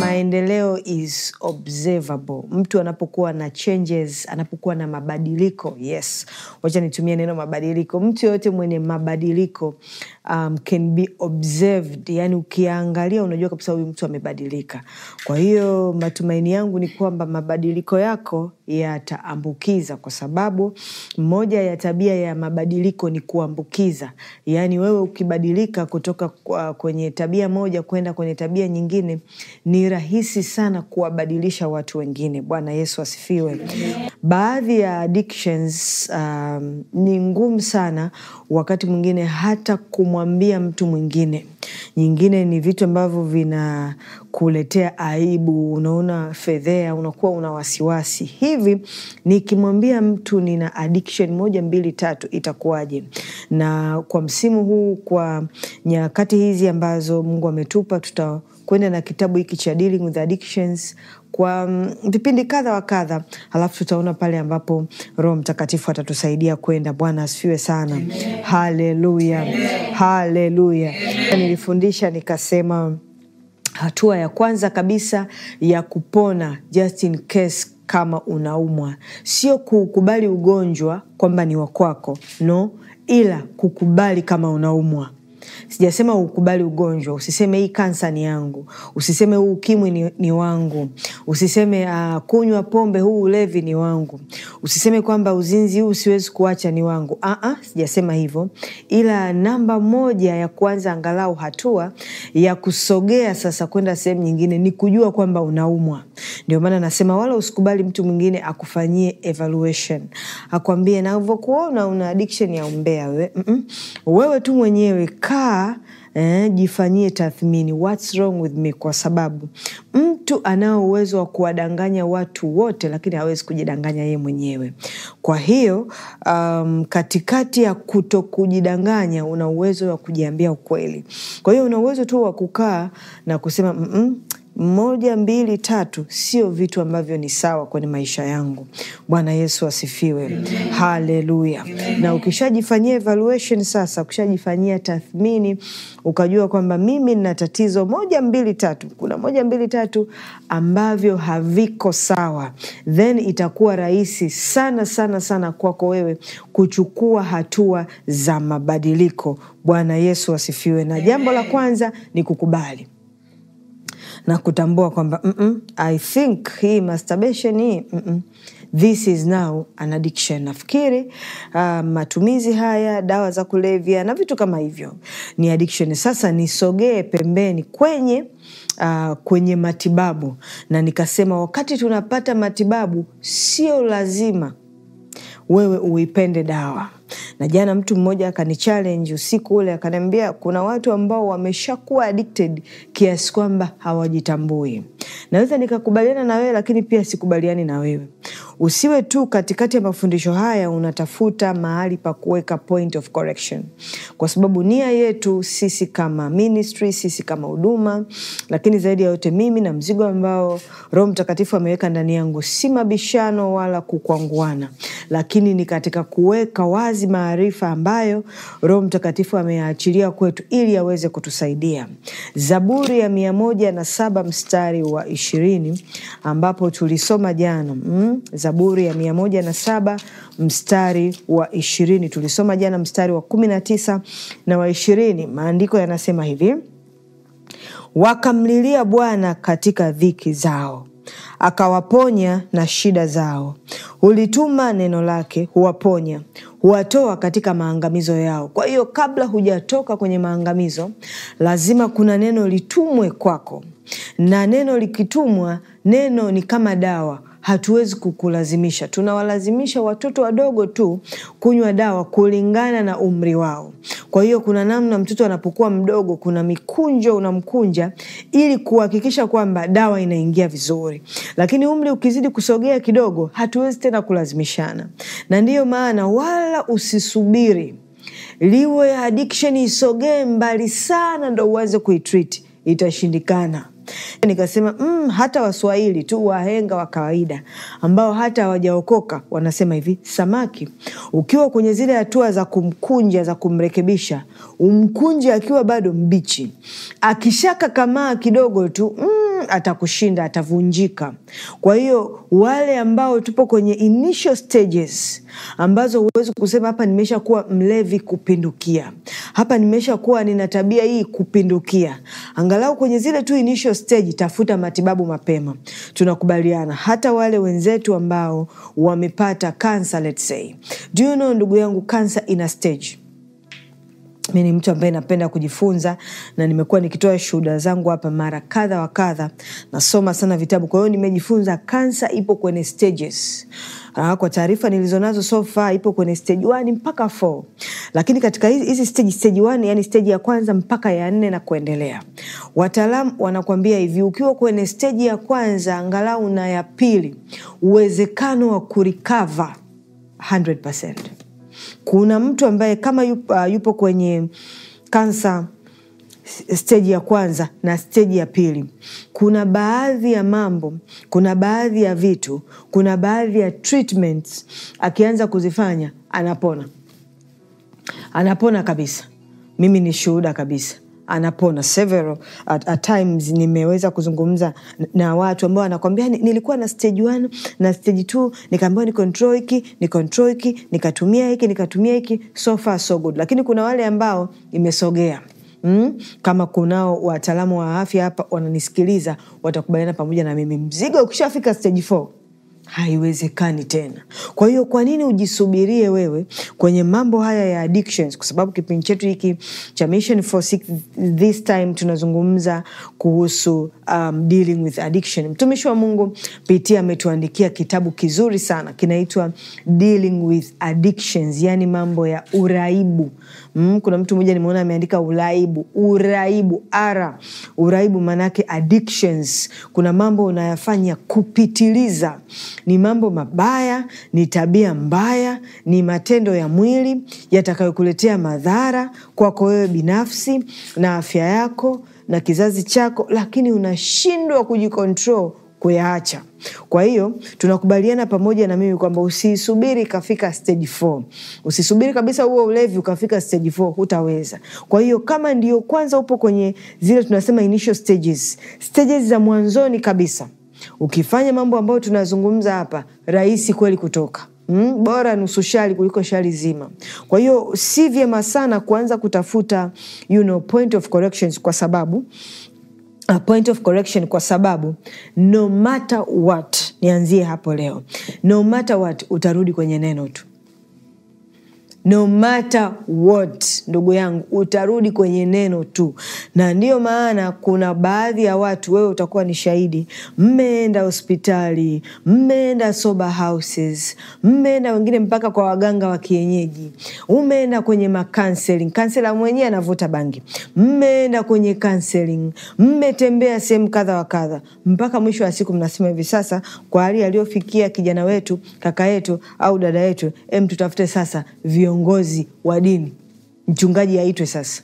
maendeleo is observable. Mtu anapokuwa na changes, anapokuwa na mabadiliko yes, wacha nitumie neno mabadiliko. Mtu yoyote mwenye mabadiliko um, can be observed, yani ukiangalia unajua kabisa huyu mtu amebadilika. Kwa hiyo matumaini yangu ni kwamba mabadiliko yako yataambukiza, kwa sababu moja ya tabia ya mabadiliko ni kuambukiza, yani wewe ukibadilika kutoka kwenye tabia moja kwenda kwenye tabia nyingine ni ni rahisi sana kuwabadilisha watu wengine. Bwana Yesu asifiwe. Baadhi ya addictions um, ni ngumu sana wakati mwingine hata kumwambia mtu mwingine. Nyingine ni vitu ambavyo vinakuletea aibu, unaona fedhea, unakuwa una wasiwasi hivi, nikimwambia mtu nina addiction moja mbili tatu itakuwaje? Na kwa msimu huu, kwa nyakati hizi ambazo Mungu ametupa tuta kuenda na kitabu hiki cha dealing with addictions kwa mm, vipindi kadha wa kadha, alafu tutaona pale ambapo Roho Mtakatifu atatusaidia kwenda. Bwana asifiwe sana, haleluya, haleluya. Nilifundisha nikasema hatua ya kwanza kabisa ya kupona just in case kama unaumwa, sio kukubali ugonjwa kwamba ni wa kwako, no, ila kukubali kama unaumwa Sijasema ukubali ugonjwa, usiseme hii kansa ni yangu, usiseme huu ukimwi ni, ni wangu, usiseme uh, kunywa pombe huu ulevi ni wangu, usiseme kwamba uzinzi huu siwezi kuacha ni wangu. uh -uh, sijasema hivyo, ila namba moja ya kuanza angalau hatua ya kusogea sasa kwenda sehemu nyingine ni kujua kwamba unaumwa. Ndio maana nasema wala usikubali mtu mwingine akufanyie evaluation, akwambie navyokuona una addiction ya umbea we. Mm -mm. Wewe tu mwenyewe ka kaa eh, jifanyie tathmini, what's wrong with me, kwa sababu mtu anao uwezo wa kuwadanganya watu wote, lakini hawezi kujidanganya yeye mwenyewe. Kwa hiyo um, katikati ya kuto kujidanganya, una uwezo wa kujiambia ukweli. Kwa hiyo una uwezo tu wa kukaa na kusema mm -mm, moja, mbili, tatu sio vitu ambavyo ni sawa kwenye maisha yangu. Bwana Yesu asifiwe, haleluya. Na ukishajifanyia evaluation sasa, ukishajifanyia tathmini, ukajua kwamba mimi nina tatizo moja, mbili, tatu, kuna moja, mbili, tatu ambavyo haviko sawa, then itakuwa rahisi sana sana sana kwako wewe kuchukua hatua za mabadiliko. Bwana Yesu asifiwe. Na jambo la kwanza ni kukubali na kutambua kwamba mm -mm, I think hii masturbation hii mm -mm. This is now an addiction. Nafikiri uh, matumizi haya dawa za kulevya na vitu kama hivyo ni addiction. Sasa nisogee pembeni kwenye uh, kwenye matibabu, na nikasema wakati tunapata matibabu sio lazima wewe uipende dawa. Na jana mtu mmoja akanichallenge usiku ule, akaniambia kuna watu ambao wameshakuwa addicted kiasi kwamba hawajitambui. Naweza nikakubaliana na wewe, lakini pia sikubaliani na wewe usiwe tu katikati ya mafundisho haya unatafuta mahali pa kuweka point of correction, kwa sababu nia yetu sisi kama ministry, sisi kama huduma, lakini zaidi ya yote mimi na mzigo ambao Roho Mtakatifu ameweka ndani yangu, si mabishano wala kukwanguana, lakini ni katika kuweka wazi maarifa ambayo Roho Mtakatifu ameyaachilia kwetu ili aweze kutusaidia. Zaburi ya mia moja na saba mstari wa ishirini ambapo tulisoma jana mm? Zaburi ya mia moja na saba mstari wa ishirini. Tulisoma jana mstari wa kumi na tisa na wa ishirini. Maandiko yanasema hivi: wakamlilia Bwana katika dhiki zao akawaponya na shida zao. Hulituma neno lake, huwaponya, huwatoa katika maangamizo yao. Kwa hiyo kabla hujatoka kwenye maangamizo, lazima kuna neno litumwe kwako, na neno likitumwa, neno ni kama dawa hatuwezi kukulazimisha. Tunawalazimisha watoto wadogo tu kunywa dawa kulingana na umri wao. Kwa hiyo kuna namna mtoto anapokuwa mdogo, kuna mikunjo unamkunja ili kuhakikisha kwamba dawa inaingia vizuri, lakini umri ukizidi kusogea kidogo, hatuwezi tena kulazimishana, na ndiyo maana wala usisubiri liwe addiction isogee mbali sana ndo uweze kuitriti, itashindikana. Nikasema mm, hata Waswahili tu wahenga wa kawaida ambao hata hawajaokoka wanasema hivi, samaki ukiwa kwenye zile hatua za kumkunja za kumrekebisha, umkunje akiwa bado mbichi. Akishakakamaa kidogo tu mm, atakushinda, atavunjika. Kwa hiyo wale ambao tupo kwenye initial stages ambazo huwezi kusema hapa kuwa mlevi kupindukia, hapa kuwa nina tabia hii kupindukia, angalau kwenye zile tu initial stage tafuta matibabu mapema. Tunakubaliana hata wale wenzetu ambao wamepata kansa, let's say, do you know, ndugu yangu, kansa ina stage mi ni mtu ambaye napenda kujifunza na nimekuwa nikitoa shuhuda zangu hapa mara kadha wa kadha. Nasoma sana vitabu, kwa hiyo nimejifunza kansa ipo kwenye stages. Aa, ah, kwa taarifa nilizonazo so far ipo kwenye stage 1 mpaka 4, lakini katika hizi stage stage 1, yani stage ya kwanza mpaka ya nne na kuendelea, wataalam wanakwambia hivi, ukiwa kwenye stage ya kwanza angalau na ya pili, uwezekano wa kurikava 100%. Kuna mtu ambaye kama yupo, uh, yupo kwenye kansa steji ya kwanza na steji ya pili, kuna baadhi ya mambo, kuna baadhi ya vitu, kuna baadhi ya treatments akianza kuzifanya anapona, anapona kabisa. Mimi ni shuhuda kabisa anapona. Several at, at times nimeweza kuzungumza na watu ambao anakwambia nilikuwa na stage one na stage two, nikaambiwa ni control hiki ni control hiki, nikatumia hiki nikatumia hiki, so far so good, lakini kuna wale ambao imesogea Mm, kama kunao wataalamu wa afya hapa wananisikiliza, watakubaliana pamoja na mimi. Mzigo ukishafika stage 4 haiwezekani tena. Kwa hiyo kwa nini ujisubirie wewe kwenye mambo haya ya addictions? Kwa sababu kipindi chetu hiki cha Mission for this time tunazungumza kuhusu um, dealing with addiction. Mtumishi wa Mungu Pitia ametuandikia kitabu kizuri sana kinaitwa Dealing with Addictions, yani mambo ya uraibu. Mm, kuna mtu mmoja nimeona ameandika uraibu, uraibu ara uraibu, maanake addictions, kuna mambo unayafanya kupitiliza. Ni mambo mabaya, ni tabia mbaya, ni matendo ya mwili yatakayokuletea madhara kwako wewe binafsi na afya yako na kizazi chako, lakini unashindwa kujikontrol kuyaacha. Kwa hiyo tunakubaliana pamoja na mimi kwamba usisubiri kafika stage 4. Usisubiri kabisa huo ulevi ukafika stage 4, hutaweza. Kwa hiyo kama ndio kwanza upo kwenye zile tunasema initial stages, stages za mwanzoni kabisa, ukifanya mambo ambayo tunazungumza hapa, rahisi kweli kutoka Mm, bora nusu shari kuliko shari zima. Kwa hiyo si vyema sana kuanza kutafuta you know, point of corrections kwa sababu A uh, point of correction kwa sababu no matter what, nianzie hapo leo, no matter what utarudi kwenye neno tu no matter what, ndugu yangu, utarudi kwenye neno tu. Na ndiyo maana kuna baadhi ya watu, wewe utakuwa ni shahidi, mmeenda hospitali, mmeenda sober houses, mmeenda wengine mpaka kwa waganga wa kienyeji, umeenda kwenye makanseling, kansela mwenyewe anavuta bangi, mmeenda kwenye kanseling, mmetembea sehemu kadha wa kadha, mpaka mwisho wa siku mnasema hivi sasa, kwa hali aliyofikia kijana wetu, kaka yetu au dada yetu, em, tutafute sasa vio viongozi wa dini, mchungaji aitwe sasa.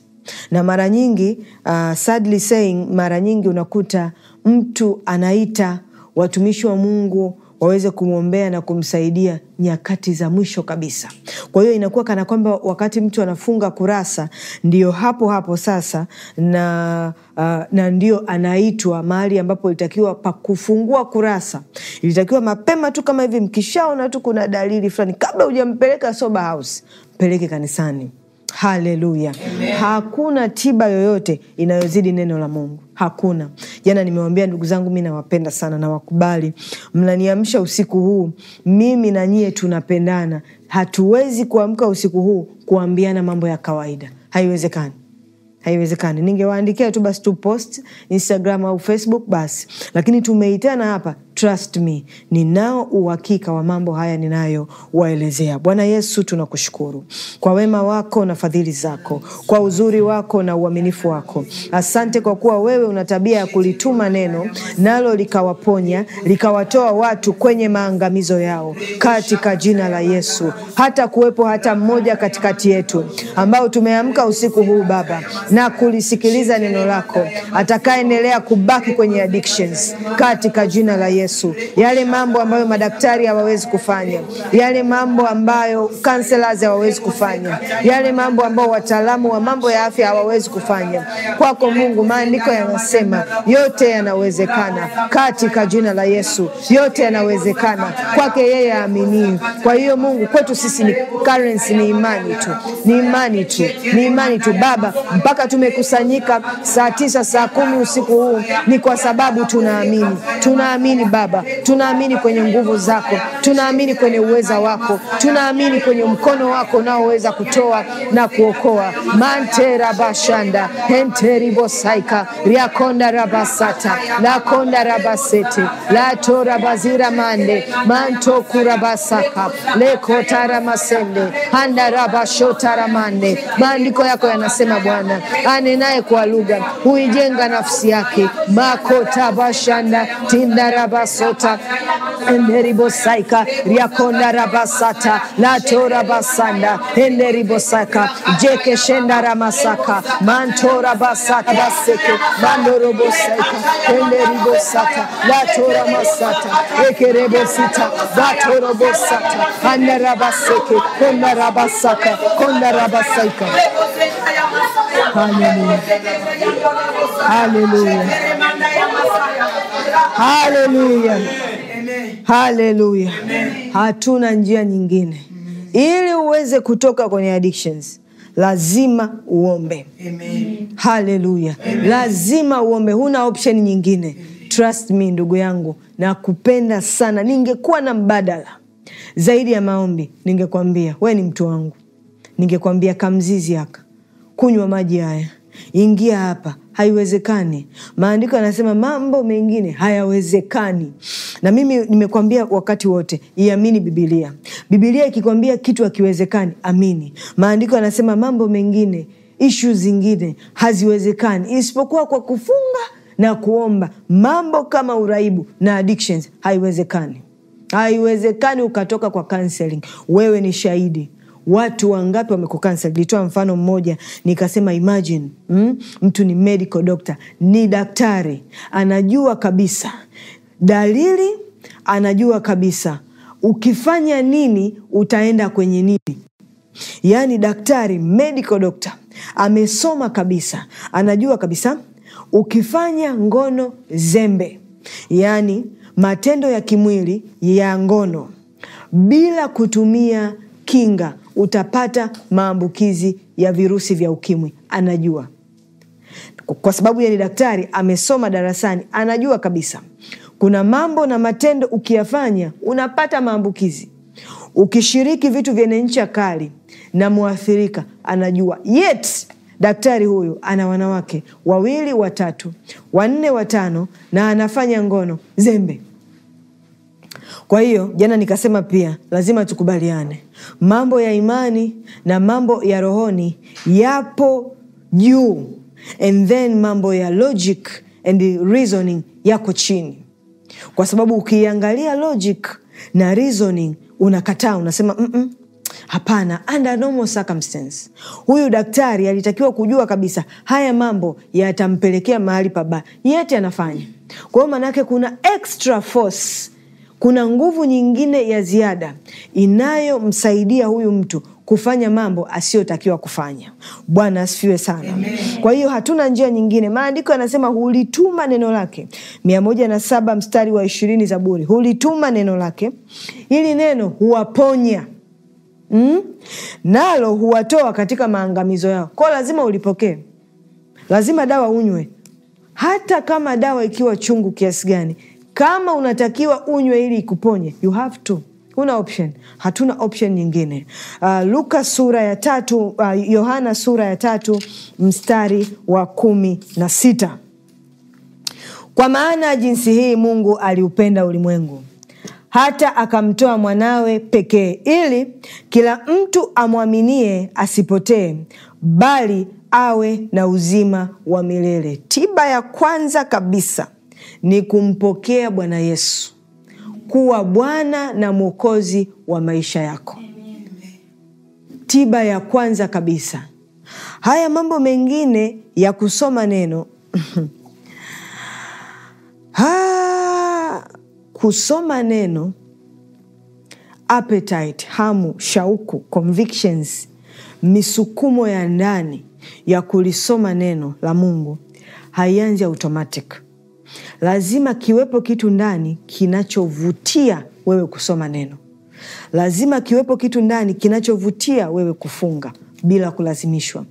Na mara nyingi uh, sadly saying, mara nyingi unakuta mtu anaita watumishi wa Mungu waweze kumwombea na kumsaidia nyakati za mwisho kabisa. Kwa hiyo inakuwa kana kwamba wakati mtu anafunga kurasa, ndio hapo hapo sasa na Uh, na ndio anaitwa mahali ambapo ilitakiwa pakufungua kurasa. Ilitakiwa mapema tu kama hivi, mkishaona tu kuna dalili fulani, kabla hujampeleka sober house, mpeleke kanisani. Haleluya! Hakuna tiba yoyote inayozidi neno la Mungu, hakuna. Jana nimewambia ndugu zangu, mi nawapenda sana, nawakubali. Mnaniamsha usiku huu, mimi na nyie tunapendana. Hatuwezi kuamka usiku huu kuambiana mambo ya kawaida, haiwezekani haiwezekani. Ningewaandikia tu basi tu post Instagram au Facebook basi, lakini tumeitana hapa Trust me, ninao uhakika wa mambo haya ninayowaelezea. Bwana Yesu, tunakushukuru kwa wema wako na fadhili zako, kwa uzuri wako na uaminifu wako. Asante kwa kuwa wewe una tabia ya kulituma neno, nalo likawaponya, likawatoa watu kwenye maangamizo yao, katika jina la Yesu. Hata kuwepo hata mmoja katikati yetu ambao tumeamka usiku huu Baba na kulisikiliza neno lako, atakaendelea kubaki kwenye addictions, katika jina la Yesu. Yesu, yale mambo ambayo madaktari hawawezi kufanya, yale mambo ambayo counselors hawawezi kufanya, yale mambo ambayo wataalamu wa mambo ya afya hawawezi kufanya, kwako Mungu, maandiko yanasema yote yanawezekana katika jina la Yesu, yote yanawezekana kwake yeye aaminiye. Kwa hiyo Mungu, kwetu sisi ni currency, ni imani tu, ni imani tu, ni imani tu Baba, mpaka tumekusanyika saa tisa saa kumi usiku huu ni kwa sababu tunaamini, tunaamini Baba. Baba, tunaamini kwenye nguvu zako, tunaamini kwenye uweza wako, tunaamini kwenye mkono wako unaoweza kutoa na kuokoa. mante rabashanda henteribosaika riakonda rabasata lakonda rabasete lato bazira mande manto kurabasaka lekotara masende handa rabashotara mande. Maandiko yako yanasema Bwana anenaye kwa lugha huijenga nafsi yake makota bashanda tindaraba basota enderibo saika riakonda rabasata latora basanda enderibo saka jeke shenda ramasaka mantora basata baseke mandorobo saika enderibo sata latora masata ekerebo sita batorobo sata andarabaseke kondarabasaka kondarabasaka haleluya Hatuna njia nyingine. Ili uweze kutoka kwenye addictions lazima uombe. Haleluya, lazima uombe, huna option nyingine. Trust me, ndugu yangu, nakupenda sana. Ningekuwa na mbadala zaidi ya maombi, ningekwambia we ni mtu wangu, ningekwambia kamzizi aka kunywa maji haya, ingia hapa. Haiwezekani. Maandiko yanasema mambo mengine hayawezekani, na mimi nimekwambia wakati wote, iamini Bibilia. Bibilia ikikwambia kitu hakiwezekani, amini. Maandiko yanasema mambo mengine, ishu zingine haziwezekani, isipokuwa kwa kufunga na kuomba. Mambo kama uraibu na addictions haiwezekani, haiwezekani ukatoka kwa counseling. Wewe ni shahidi watu wangapi kansa. Nilitoa mfano mmoja nikasema, imagine mm, mtu ni medical doctor, ni daktari, anajua kabisa dalili, anajua kabisa ukifanya nini utaenda kwenye nini. Yaani daktari medical doctor amesoma kabisa, anajua kabisa ukifanya ngono zembe, yaani matendo ya kimwili ya ngono bila kutumia kinga, utapata maambukizi ya virusi vya ukimwi. Anajua kwa sababu yeye ni daktari, amesoma darasani, anajua kabisa kuna mambo na matendo ukiyafanya unapata maambukizi. Ukishiriki vitu vyenye ncha kali na mwathirika anajua. Yet daktari huyu ana wanawake wawili, watatu, wanne, watano na anafanya ngono zembe. Kwa hiyo jana nikasema pia lazima tukubaliane, mambo ya imani na mambo ya rohoni yapo juu, and then mambo ya logic and reasoning yako chini, kwa sababu ukiangalia logic na reasoning unakataa, unasema mm -mm. Hapana, under normal circumstance huyu daktari alitakiwa kujua kabisa haya mambo yatampelekea mahali pabaya, yete anafanya. Kwa hiyo maanake kuna extra force kuna nguvu nyingine ya ziada inayomsaidia huyu mtu kufanya mambo asiyotakiwa kufanya. Bwana asifiwe sana. Kwa hiyo hatuna njia nyingine. Maandiko yanasema hulituma neno lake, mia moja na saba mstari wa ishirini Zaburi, hulituma neno lake, hili neno huwaponya mm? nalo huwatoa katika maangamizo yao. Kwao lazima ulipokee, lazima dawa unywe, hata kama dawa ikiwa chungu kiasi gani kama unatakiwa unywe ili ikuponye, you have to Una option, hatuna option nyingine. Uh, Luka sura ya tatu, uh, Yohana uh, sura ya tatu mstari wa kumi na sita kwa maana jinsi hii Mungu aliupenda ulimwengu hata akamtoa mwanawe pekee, ili kila mtu amwaminie asipotee, bali awe na uzima wa milele. Tiba ya kwanza kabisa ni kumpokea Bwana Yesu kuwa Bwana na Mwokozi wa maisha yako. Tiba ya kwanza kabisa. Haya mambo mengine ya kusoma neno ha, ah, kusoma neno appetite, hamu, shauku, convictions, misukumo ya ndani ya kulisoma neno la Mungu haianzi automatic lazima kiwepo kitu ndani kinachovutia wewe kusoma neno, lazima kiwepo kitu ndani kinachovutia wewe kufunga bila kulazimishwa,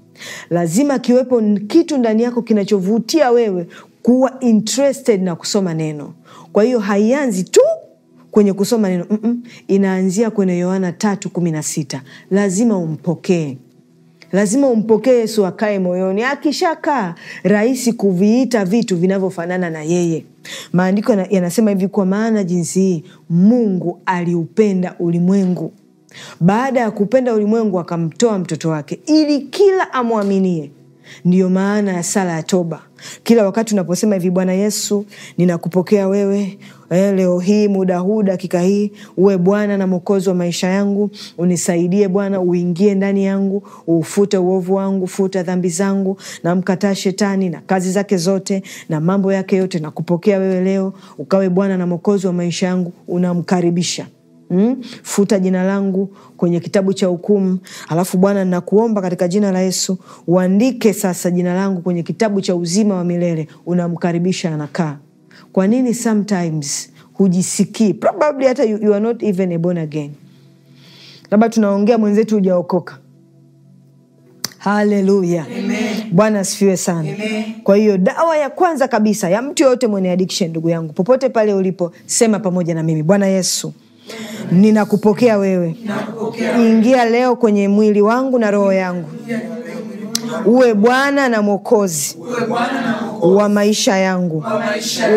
lazima kiwepo kitu ndani yako kinachovutia wewe kuwa interested na kusoma neno. Kwa hiyo haianzi tu kwenye kusoma neno mm -mm, inaanzia kwenye Yohana tatu kumi na sita lazima umpokee lazima umpokee Yesu akae moyoni. Akishakaa rahisi kuviita vitu vinavyofanana na yeye. Maandiko yanasema hivi, kwa maana jinsi hii Mungu aliupenda ulimwengu, baada ya kupenda ulimwengu akamtoa mtoto wake, ili kila amwaminie. Ndiyo maana ya sala ya toba kila wakati unaposema hivi, Bwana Yesu, ninakupokea wewe eh, leo hii muda huu dakika hii uwe Bwana na Mwokozi wa maisha yangu, unisaidie Bwana, uingie ndani yangu, ufute uovu wangu, futa dhambi zangu, namkataa shetani na kazi zake zote na mambo yake yote, nakupokea wewe leo, ukawe Bwana na Mwokozi wa maisha yangu, unamkaribisha Mm? Futa jina langu kwenye kitabu cha hukumu. Alafu Bwana, nakuomba katika jina la Yesu uandike sasa jina langu kwenye kitabu cha uzima wa milele. Unamkaribisha, anakaa. Kwa nini sometimes hujisikii? Probably hata you, you are not even a born again. Labda tunaongea mwenzetu hujaokoka. Haleluya, Bwana asifiwe sana. Amen. Kwa hiyo dawa ya kwanza kabisa ya mtu yoyote mwenye addiction, ndugu yangu, popote pale ulipo, sema pamoja na mimi, Bwana Yesu ninakupokea wewe, ingia leo kwenye mwili wangu na roho yangu, uwe Bwana na Mwokozi wa maisha yangu,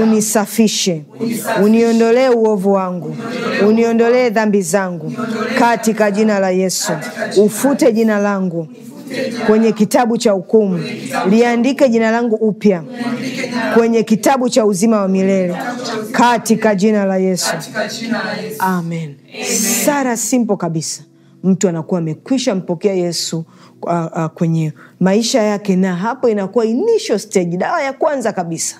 unisafishe, uniondolee uovu wangu, uniondolee dhambi zangu, katika jina la Yesu. Ufute jina langu kwenye kitabu cha hukumu, liandike jina langu upya kwenye kitabu cha uzima wa milele katika jina la Yesu, amen. Sara simpo kabisa, mtu anakuwa amekwisha mpokea Yesu a, a, kwenye maisha yake, na hapo inakuwa initial stage, dawa ya kwanza kabisa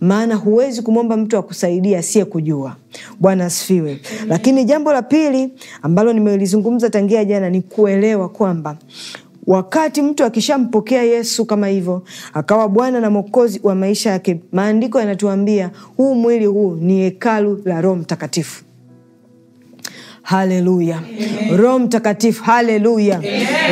maana huwezi kumwomba mtu akusaidia asiye kujua. Bwana asifiwe. mm -hmm. Lakini jambo la pili ambalo nimelizungumza tangia jana ni kuelewa kwamba Wakati mtu akishampokea Yesu kama hivyo, akawa Bwana na Mwokozi wa maisha yake, maandiko yanatuambia huu mwili huu ni hekalu la Roho Mtakatifu. Haleluya! Roho Mtakatifu, haleluya!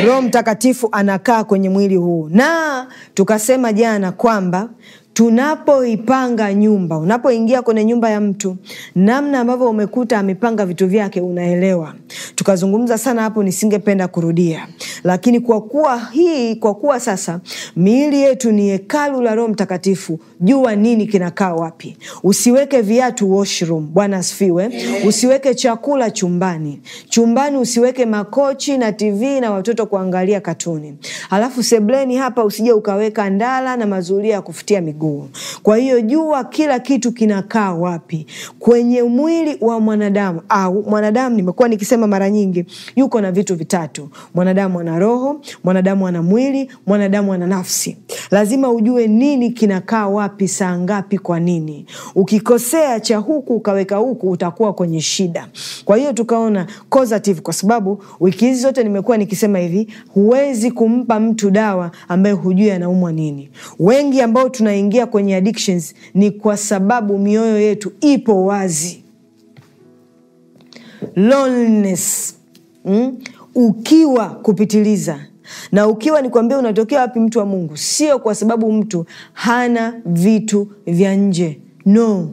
Roho Mtakatifu anakaa kwenye mwili huu, na tukasema jana kwamba tunapoipanga nyumba, unapoingia kwenye nyumba ya mtu, namna ambavyo umekuta amepanga vitu vyake unaelewa. Tukazungumza sana hapo, nisingependa kurudia, lakini kwa kuwa hii, kwa kuwa sasa miili yetu ni hekalu la Roho Mtakatifu, jua nini kinakaa wapi. Usiweke viatu washroom. Bwana asifiwe. Usiweke chakula chumbani. Chumbani usiweke makochi na TV na watoto kuangalia katuni. Alafu sebleni hapa usije ukaweka ndala na mazulia ya kufutia miguu miguu. Kwa hiyo jua kila kitu kinakaa wapi kwenye mwili wa mwanadamu. Au mwanadamu, nimekuwa nikisema mara nyingi, yuko na vitu vitatu: mwanadamu ana roho, mwanadamu ana mwili, mwanadamu ana nafsi. Lazima ujue nini kinakaa wapi, saa ngapi, kwa nini. Ukikosea cha huku ukaweka huku, utakuwa kwenye shida. Kwa hiyo tukaona causative, kwa sababu wiki hizi zote nimekuwa nikisema hivi, huwezi kumpa mtu dawa ambaye hujui anaumwa nini. Wengi ambao tunaingia tunaingia kwenye addictions ni kwa sababu mioyo yetu ipo wazi. Loneliness. Mm? Ukiwa kupitiliza na ukiwa ni kuambia unatokea wapi, mtu wa Mungu, sio kwa sababu mtu hana vitu vya nje, no.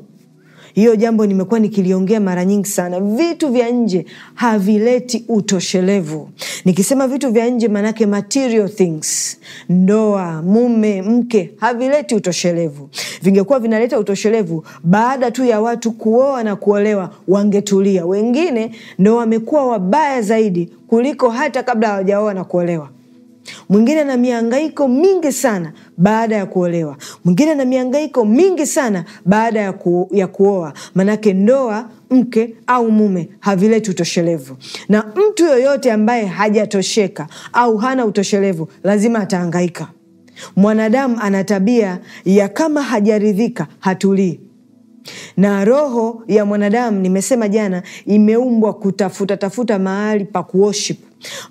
Hiyo jambo nimekuwa nikiliongea mara nyingi sana. Vitu vya nje havileti utoshelevu. Nikisema vitu vya nje, maanake material things, ndoa, mume, mke, havileti utoshelevu. Vingekuwa vinaleta utoshelevu, baada tu ya watu kuoa na kuolewa wangetulia. Wengine ndo wamekuwa wabaya zaidi kuliko hata kabla hawajaoa na kuolewa mwingine ana miangaiko mingi sana baada ya kuolewa, mwingine ana miangaiko mingi sana baada ya, ku, ya kuoa. Manake ndoa mke au mume havileti utoshelevu, na mtu yoyote ambaye hajatosheka au hana utoshelevu lazima ataangaika Mwanadamu ana tabia ya kama hajaridhika hatulii na roho ya mwanadamu, nimesema jana, imeumbwa kutafuta tafuta mahali pa kuworship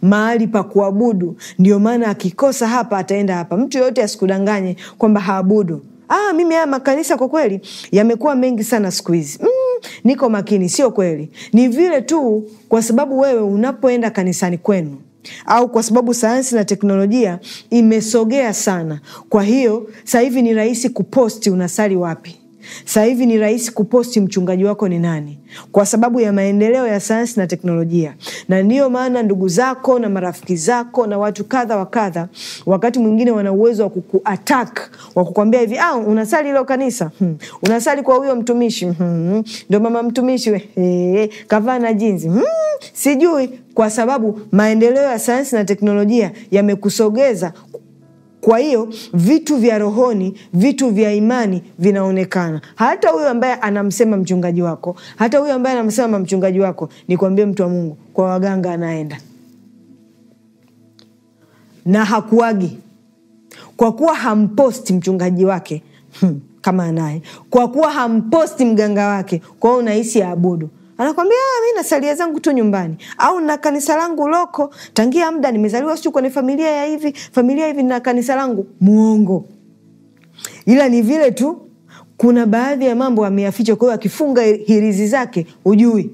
mahali pa kuabudu. Ndio maana akikosa hapa ataenda hapa. Mtu yoyote asikudanganye kwamba haabudu. Ah, mimi haya makanisa kwa kweli yamekuwa mengi sana siku hizi mm, niko makini. Sio kweli, ni vile tu kwa sababu wewe unapoenda kanisani kwenu au kwa sababu sayansi na teknolojia imesogea sana. Kwa hiyo sasa hivi ni rahisi kuposti unasali wapi sasa hivi ni rahisi kuposti mchungaji wako ni nani, kwa sababu ya maendeleo ya sayansi na teknolojia. Na ndiyo maana ndugu zako na marafiki zako na watu kadha wa kadha, wakati mwingine wana uwezo wa kukuatak wa kukwambia hivi, ah, unasali hilo kanisa hmm. unasali kwa huyo mtumishi hmm. ndo mama mtumishi hey, kavaa na jinzi hmm. sijui, kwa sababu maendeleo ya sayansi na teknolojia yamekusogeza kwa hiyo vitu vya rohoni, vitu vya imani vinaonekana. Hata huyo ambaye anamsema mchungaji wako, hata huyo ambaye anamsema mchungaji wako, nikwambie mtu wa Mungu, kwa waganga anaenda na hakuagi, kwa kuwa hamposti mchungaji wake hmm, kama anaye, kwa kuwa hamposti mganga wake, kwao unahisi aabudu anakwambia ah, mi na nasalia zangu tu nyumbani au na kanisa langu loko tangia mda nimezaliwa siu kwenye familia ya hivi familia hivi na kanisa langu mwongo ila ni vile tu kuna baadhi ya mambo ameyaficha kwahiyo akifunga hirizi zake hujui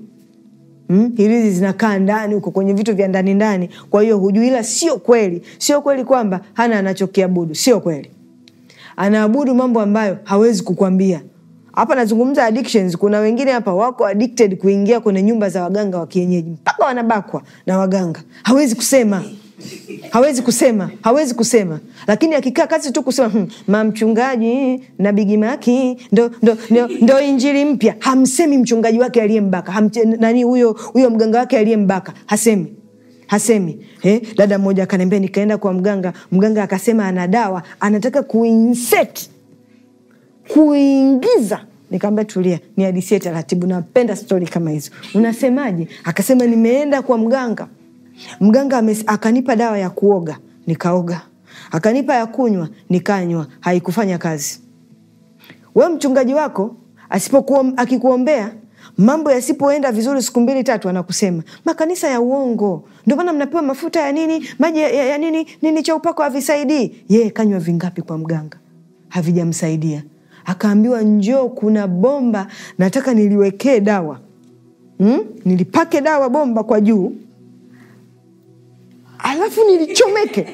Hmm? hirizi zinakaa ndani huko kwenye vitu vya ndani ndani, kwa hiyo hujui. Ila sio kweli, sio kweli kwamba hana anachokiabudu, sio kweli. Anaabudu mambo ambayo hawezi kukwambia hapa nazungumza addictions. Kuna wengine hapa wako addicted kuingia kwenye nyumba za waganga wa kienyeji mpaka wanabakwa na waganga, hawezi kusema hawezi kusema, hawezi kusema, lakini akikaa kazi tu kusema hmm, mamchungaji na bigimaki ndo, ndo, ndo, ndo injili mpya. Hamsemi mchungaji wake aliyembaka nani huyo huyo mganga wake aliyembaka, hasemi hasemi eh. Dada mmoja akaniambia, nikaenda kwa mganga, mganga akasema ana dawa anataka kuinset kuingiza Nikamwambia tulia, ni nihadisie taratibu, napenda stori kama hizo. Unasemaje? Akasema nimeenda kwa mganga, mganga akanipa dawa ya kuoga, nikaoga, akanipa ya kunywa, nikanywa, haikufanya kazi. We mchungaji wako asipokuwa akikuombea mambo yasipoenda vizuri siku mbili tatu, anakusema makanisa ya uongo, ndio maana mnapewa mafuta ya nini, maji ya, ya nini nini cha upako havisaidii. Yeye kanywa vingapi kwa mganga, havijamsaidia akaambiwa njoo, kuna bomba nataka niliwekee dawa hmm? Nilipake dawa bomba kwa juu, alafu nilichomeke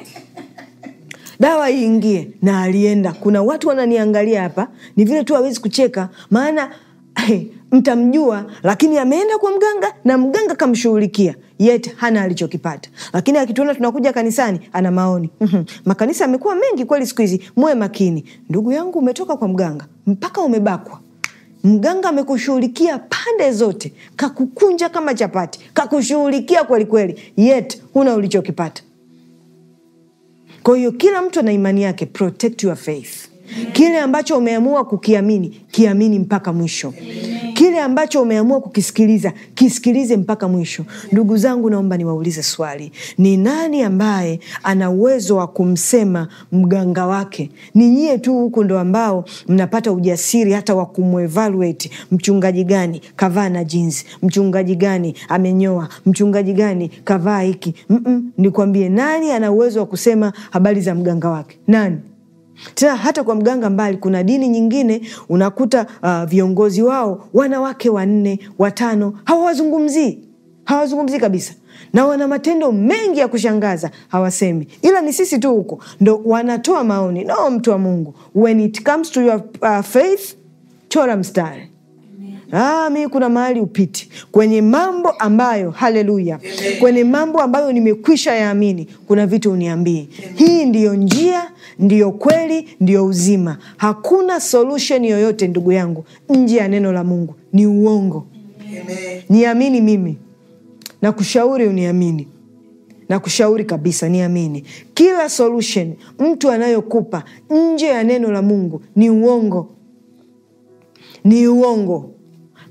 dawa iingie, na alienda. Kuna watu wananiangalia hapa, ni vile tu hawezi kucheka, maana hey, mtamjua, lakini ameenda kwa mganga na mganga kamshughulikia yet hana alichokipata lakini akituona tunakuja kanisani ana maoni mm-hmm. makanisa amekuwa mengi kweli siku hizi muwe makini ndugu yangu umetoka kwa mganga mpaka umebakwa mganga amekushughulikia pande zote kakukunja kama chapati kakushughulikia kwelikweli yet huna ulichokipata kwa hiyo kila mtu ana imani yake protect your faith Kile ambacho umeamua kukiamini, kiamini mpaka mwisho. Kile ambacho umeamua kukisikiliza, kisikilize mpaka mwisho. Ndugu zangu, naomba niwaulize swali, ni nani ambaye ana uwezo wa kumsema mganga wake? Ni nyie tu huku ndo ambao mnapata ujasiri hata wa kumevaluate mchungaji gani kavaa na jinsi, mchungaji gani amenyoa, mchungaji gani kavaa hiki. Mm -mm, nikwambie, nani ana uwezo wa kusema habari za mganga wake? Nani? tena hata kwa mganga mbali, kuna dini nyingine unakuta uh, viongozi wao wanawake wanne watano, hawawazungumzii hawazungumzii kabisa, na wana matendo mengi ya kushangaza hawasemi, ila ni sisi tu huko ndo wanatoa maoni. No, mtu wa Mungu, when it comes to your uh, faith, chora mstari Ah, mi kuna mahali upiti kwenye mambo ambayo haleluya, kwenye mambo ambayo nimekwisha yaamini, kuna vitu uniambie, hii ndiyo njia ndiyo kweli, ndiyo uzima. Hakuna solution yoyote ndugu yangu nje ya neno la Mungu, ni uongo. Niamini mimi, nakushauri uniamini Nakushauri kabisa, niamini. Kila solution mtu anayokupa nje ya neno la Mungu ni uongo, ni uongo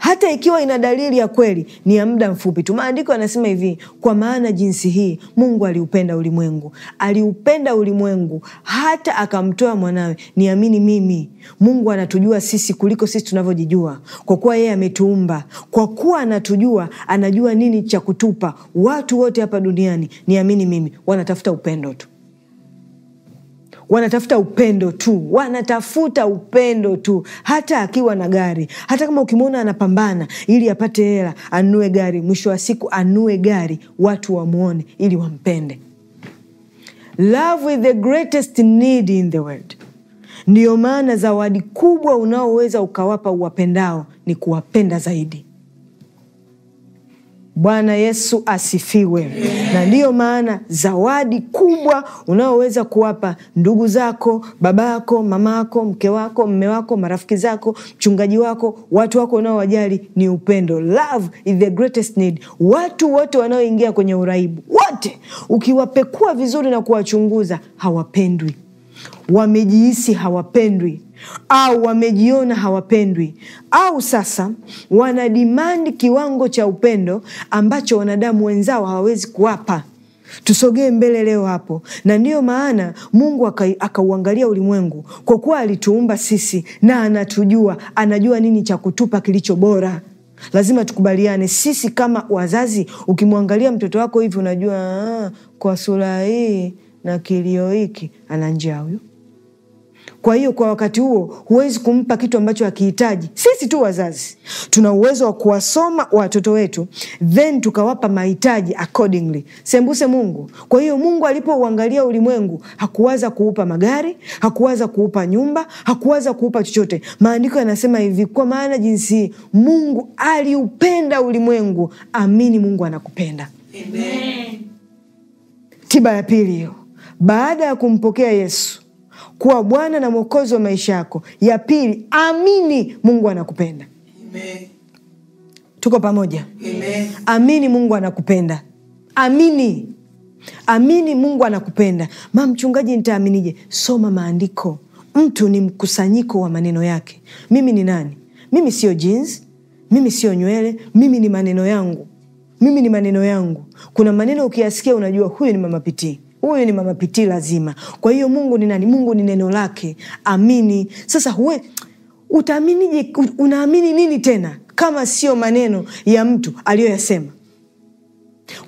hata ikiwa ina dalili ya kweli, ni ya muda mfupi tu. Maandiko yanasema hivi, kwa maana jinsi hii Mungu aliupenda ulimwengu, aliupenda ulimwengu hata akamtoa mwanawe. Niamini mimi, Mungu anatujua sisi kuliko sisi tunavyojijua, kwa kuwa yeye ametuumba, kwa kuwa anatujua, anajua nini cha kutupa. Watu wote hapa duniani, niamini mimi, wanatafuta upendo tu wanatafuta upendo tu, wanatafuta upendo tu. Hata akiwa na gari, hata kama ukimwona anapambana ili apate hela anue gari, mwisho wa siku anue gari, watu wamwone ili wampende. Love the greatest need in the world. Ndiyo maana zawadi kubwa unaoweza ukawapa uwapendao ni kuwapenda zaidi. Bwana Yesu asifiwe. Na ndiyo maana zawadi kubwa unaoweza kuwapa ndugu zako, baba mama yako, mke wako, mme wako, marafiki zako, mchungaji wako, watu wako unaowajali ni upendo. Love is the greatest need. Watu wote wanaoingia kwenye uraibu wote, ukiwapekua vizuri na kuwachunguza, hawapendwi wamejihisi hawapendwi au wamejiona hawapendwi au sasa wanadimandi kiwango cha upendo ambacho wanadamu wenzao hawawezi kuwapa. Tusogee mbele leo hapo, na ndiyo maana Mungu akauangalia ulimwengu, kwa kuwa alituumba sisi na anatujua, anajua nini cha kutupa kilicho bora. Lazima tukubaliane sisi kama wazazi. Ukimwangalia mtoto wako hivi, unajua aa, ah, kwa sura hii na kilio hiki, ana njaa huyu. Kwa hiyo kwa wakati huo huwezi kumpa kitu ambacho akihitaji. Sisi tu wazazi tuna uwezo wa kuwasoma watoto wetu, then tukawapa mahitaji accordingly, sembuse Mungu. Kwa hiyo Mungu alipouangalia ulimwengu hakuwaza kuupa magari, hakuwaza kuupa nyumba, hakuwaza kuupa chochote. Maandiko yanasema hivi, kwa maana jinsi Mungu aliupenda ulimwengu, amini Mungu anakupenda. Amen. Tiba ya pili hiyo baada ya kumpokea Yesu kuwa Bwana na Mwokozi wa maisha yako. Ya pili, amini Mungu anakupenda. Amen. Tuko pamoja? Amen. Amini Mungu anakupenda, amini amini Mungu anakupenda. Ma mchungaji, nitaaminije? Soma maandiko. Mtu ni mkusanyiko wa maneno yake. Mimi ni nani? Mimi sio jeans, mimi sio nywele, mimi ni maneno yangu, mimi ni maneno yangu. Kuna maneno ukiyasikia unajua huyu ni Mama Pitii huyu ni mama pitii lazima. Kwa hiyo Mungu ni nani? Mungu ni neno lake, amini. Sasa huwe utaaminije? Unaamini nini tena kama sio maneno ya mtu aliyoyasema?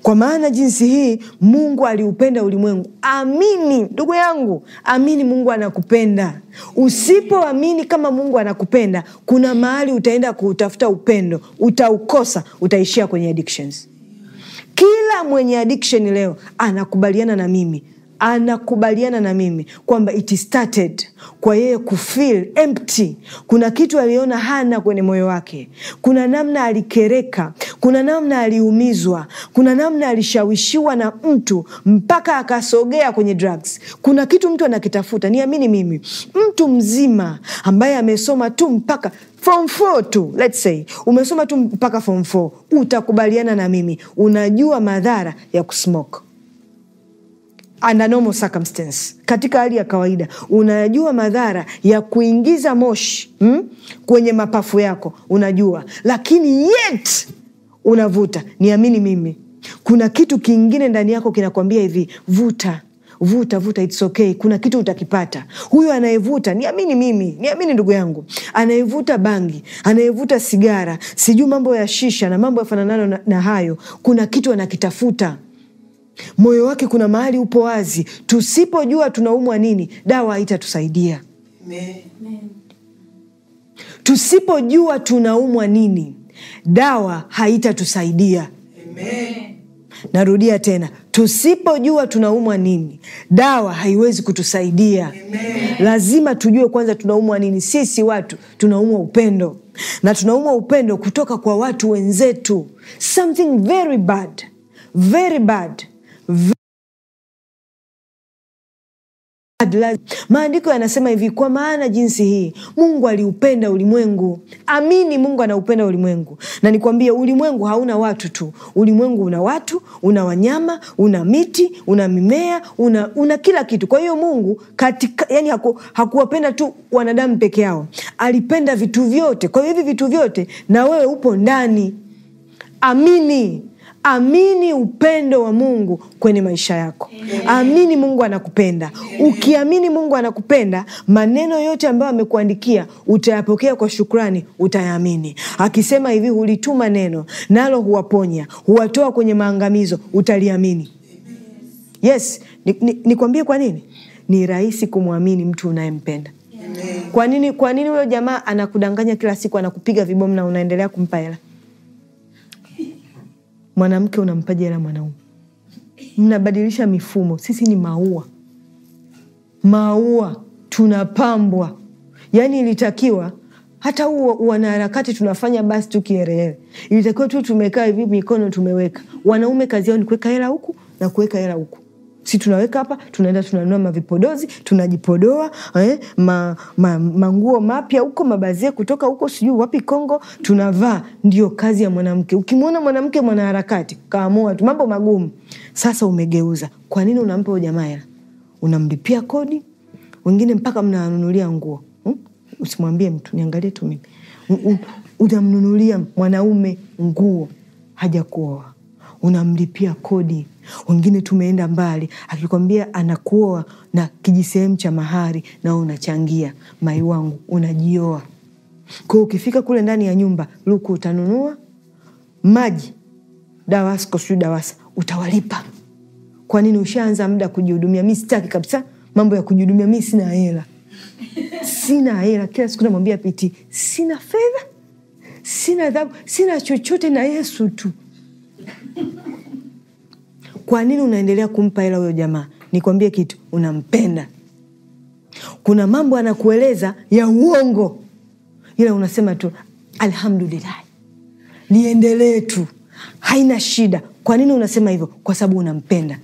Kwa maana jinsi hii Mungu aliupenda ulimwengu. Amini ndugu yangu, amini Mungu anakupenda. Usipoamini kama Mungu anakupenda, kuna mahali utaenda kuutafuta upendo, utaukosa, utaishia kwenye addictions. Kila mwenye addiction leo anakubaliana na mimi anakubaliana na mimi kwamba it started kwa yeye kufeel empty. Kuna kitu aliona hana kwenye moyo wake, kuna namna alikereka, kuna namna aliumizwa, kuna namna alishawishiwa na mtu mpaka akasogea kwenye drugs. Kuna kitu mtu anakitafuta, niamini mimi, mtu mzima ambaye amesoma tu mpaka form tu, let's say umesoma tu mpaka form utakubaliana na mimi, unajua madhara ya kusmoke under normal circumstance, katika hali ya kawaida, unajua madhara ya kuingiza moshi mm, kwenye mapafu yako unajua, lakini yet unavuta. Niamini mimi, kuna kitu kingine ndani yako kinakwambia hivi, vuta vuta vuta, it's okay. Kuna kitu utakipata. Huyu anayevuta, niamini mimi, niamini ndugu yangu, anayevuta bangi, anayevuta sigara, sijui mambo ya shisha na mambo yafananayo na, na hayo, kuna kitu anakitafuta moyo wake kuna mahali upo wazi. Tusipojua tunaumwa nini, dawa haitatusaidia. Tusipojua tunaumwa nini, dawa haitatusaidia. Narudia tena, tusipojua tunaumwa nini, dawa haiwezi kutusaidia. Amen. Lazima tujue kwanza tunaumwa nini. Sisi watu tunaumwa upendo, na tunaumwa upendo kutoka kwa watu wenzetu, something very bad, very bad Maandiko yanasema hivi, kwa maana jinsi hii Mungu aliupenda ulimwengu. Amini, Mungu anaupenda ulimwengu, na nikwambie, ulimwengu hauna watu tu. Ulimwengu una watu, una wanyama, una miti, una mimea, una, una kila kitu. Kwa hiyo Mungu katika, yani haku, hakuwapenda tu wanadamu peke yao, alipenda vitu vyote. Kwa hiyo hivi vitu vyote na wewe upo ndani, amini. Amini upendo wa Mungu kwenye maisha yako. Amini Mungu anakupenda. Ukiamini Mungu anakupenda, maneno yote ambayo amekuandikia utayapokea kwa shukrani, utayaamini. Akisema hivi, hulituma neno nalo huwaponya, huwatoa kwenye maangamizo, utaliamini. Yes, nikwambie ni, ni kwa nini ni rahisi kumwamini mtu unayempenda. Kwa nini? Kwa nini huyo jamaa anakudanganya kila siku, anakupiga vibomu na unaendelea kumpa hela? mwanamke unampaje hela mwanaume? Mnabadilisha mifumo. Sisi ni maua, maua tunapambwa. Yaani ilitakiwa hata wanaharakati tunafanya basi tu kiherehere, ilitakiwa tu tumekaa hivi, mikono tumeweka. Wanaume kazi yao ni kuweka hela huku na kuweka hela huku si tunaweka hapa, tunaenda tunanunua mavipodozi, tunajipodoa eh, ma, ma, manguo mapya huko, mabazie kutoka huko sijui wapi Kongo, tunavaa. Ndio kazi ya mwanamke. Ukimwona mwanamke mwanaharakati, kaamua tu mambo magumu. Sasa umegeuza. Kwa nini unampa huyo jamaa hela? Unamlipia kodi, wengine mpaka mnawanunulia nguo hmm? Usimwambie mtu, niangalie tu mimi. Unamnunulia mwanaume nguo, hajakuoa, unamlipia kodi wengine tumeenda mbali, akikwambia anakuoa na kijisehemu cha mahari, na unachangia. Mai wangu, unajioa kwao. Ukifika kule ndani ya nyumba, luku utanunua maji, dawasko, sijui DAWASA, utawalipa. Kwa nini? Ushaanza muda kujihudumia. Mi sitaki kabisa mambo ya kujihudumia, mi sina hela sina hela. Kila siku namwambia Piti, sina fedha, sina dhabu sina chochote, na Yesu tu. Kwa nini unaendelea kumpa hela huyo jamaa? Nikwambie kitu, unampenda. Kuna mambo anakueleza ya uongo, ila unasema tu alhamdulillah, niendelee tu, haina shida. Kwa nini unasema hivyo? Kwa sababu unampenda.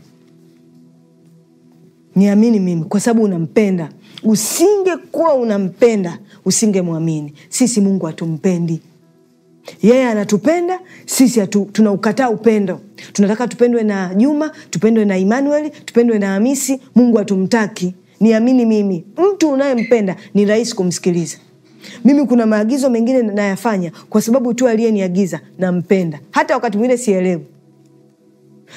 Niamini mimi, kwa sababu unampenda. Usingekuwa unampenda, usingemwamini. Sisi Mungu hatumpendi yeye yeah, anatupenda sisi tunaukataa upendo. Tunataka tupendwe na Juma, tupendwe na emanuel tupendwe na Hamisi. Mungu hatumtaki. Niamini mimi, mtu unayempenda ni rahisi kumsikiliza. Mimi kuna maagizo mengine nayafanya kwa sababu tu aliyeniagiza nampenda, hata wakati mwingine sielewi,